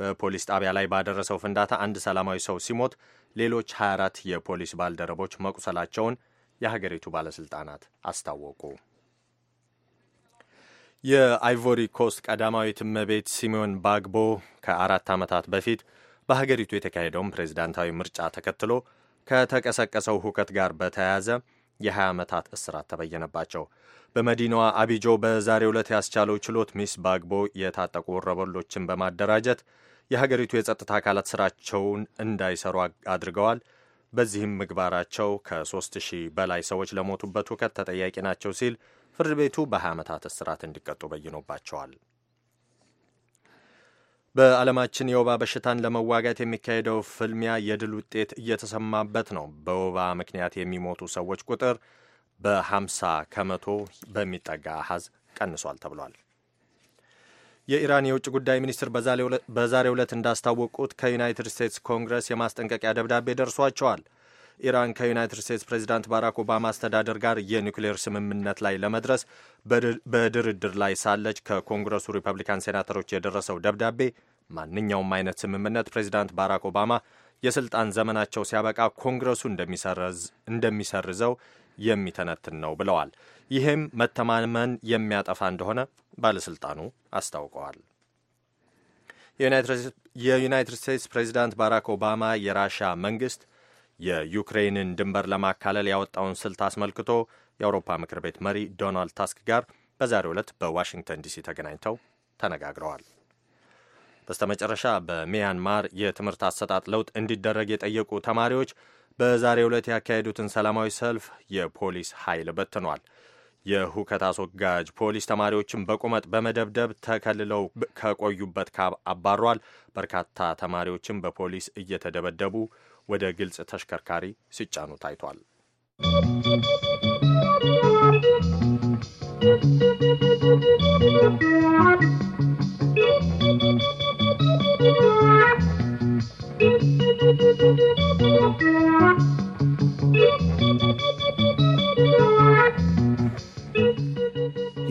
በፖሊስ ጣቢያ ላይ ባደረሰው ፍንዳታ አንድ ሰላማዊ ሰው ሲሞት ሌሎች 24 የፖሊስ ባልደረቦች መቁሰላቸውን የሀገሪቱ ባለሥልጣናት አስታወቁ። የአይቮሪ ኮስት ቀዳማዊት እመቤት ሲሞን ባግቦ ከአራት ዓመታት በፊት በሀገሪቱ የተካሄደውን ፕሬዚዳንታዊ ምርጫ ተከትሎ ከተቀሰቀሰው ሁከት ጋር በተያያዘ የ20 ዓመታት እስራት ተበየነባቸው። በመዲናዋ አቢጆ በዛሬው ዕለት ያስቻለው ችሎት ሚስ ባግቦ የታጠቁ ወረበሎችን በማደራጀት የሀገሪቱ የጸጥታ አካላት ስራቸውን እንዳይሰሩ አድርገዋል። በዚህም ምግባራቸው ከ3000 በላይ ሰዎች ለሞቱበት ሁከት ተጠያቂ ናቸው ሲል ፍርድ ቤቱ በ20 ዓመታት እስራት እንዲቀጡ በይኖባቸዋል። በዓለማችን የወባ በሽታን ለመዋጋት የሚካሄደው ፍልሚያ የድል ውጤት እየተሰማበት ነው። በወባ ምክንያት የሚሞቱ ሰዎች ቁጥር በ50 ከመቶ በሚጠጋ አሐዝ ቀንሷል ተብሏል። የኢራን የውጭ ጉዳይ ሚኒስትር በዛሬው ዕለት እንዳስታወቁት ከዩናይትድ ስቴትስ ኮንግረስ የማስጠንቀቂያ ደብዳቤ ደርሷቸዋል። ኢራን ከዩናይትድ ስቴትስ ፕሬዚዳንት ባራክ ኦባማ አስተዳደር ጋር የኒውክሌር ስምምነት ላይ ለመድረስ በድርድር ላይ ሳለች ከኮንግረሱ ሪፐብሊካን ሴናተሮች የደረሰው ደብዳቤ ማንኛውም አይነት ስምምነት ፕሬዚዳንት ባራክ ኦባማ የስልጣን ዘመናቸው ሲያበቃ ኮንግረሱ እንደሚሰርዘው የሚተነትን ነው ብለዋል። ይህም መተማመን የሚያጠፋ እንደሆነ ባለሥልጣኑ አስታውቀዋል። የዩናይትድ ስቴትስ ፕሬዚዳንት ባራክ ኦባማ የራሻ መንግስት የዩክሬንን ድንበር ለማካለል ያወጣውን ስልት አስመልክቶ የአውሮፓ ምክር ቤት መሪ ዶናልድ ታስክ ጋር በዛሬው ዕለት በዋሽንግተን ዲሲ ተገናኝተው ተነጋግረዋል። በስተመጨረሻ በሚያንማር የትምህርት አሰጣጥ ለውጥ እንዲደረግ የጠየቁ ተማሪዎች በዛሬው ዕለት ያካሄዱትን ሰላማዊ ሰልፍ የፖሊስ ኃይል በትኗል። የሁከት አስወጋጅ ፖሊስ ተማሪዎችን በቁመት በመደብደብ ተከልለው ከቆዩበት ካብ አባሯል። በርካታ ተማሪዎችን በፖሊስ እየተደበደቡ ወደ ግልጽ ተሽከርካሪ ሲጫኑ ታይቷል። ¶¶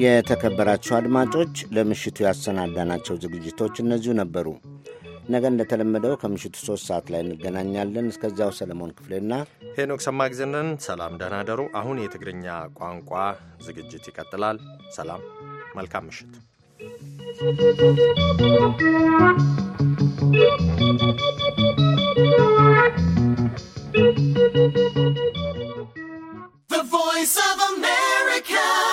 የተከበራቸው አድማጮች ለምሽቱ ያሰናዳናቸው ዝግጅቶች እነዚሁ ነበሩ። ነገ እንደተለመደው ከምሽቱ ሶስት ሰዓት ላይ እንገናኛለን። እስከዚያው ሰለሞን ክፍሌና ሄኖክ ሰማግዘንን ሰላም፣ ደህና ደሩ። አሁን የትግርኛ ቋንቋ ዝግጅት ይቀጥላል። ሰላም፣ መልካም ምሽት። The voice of America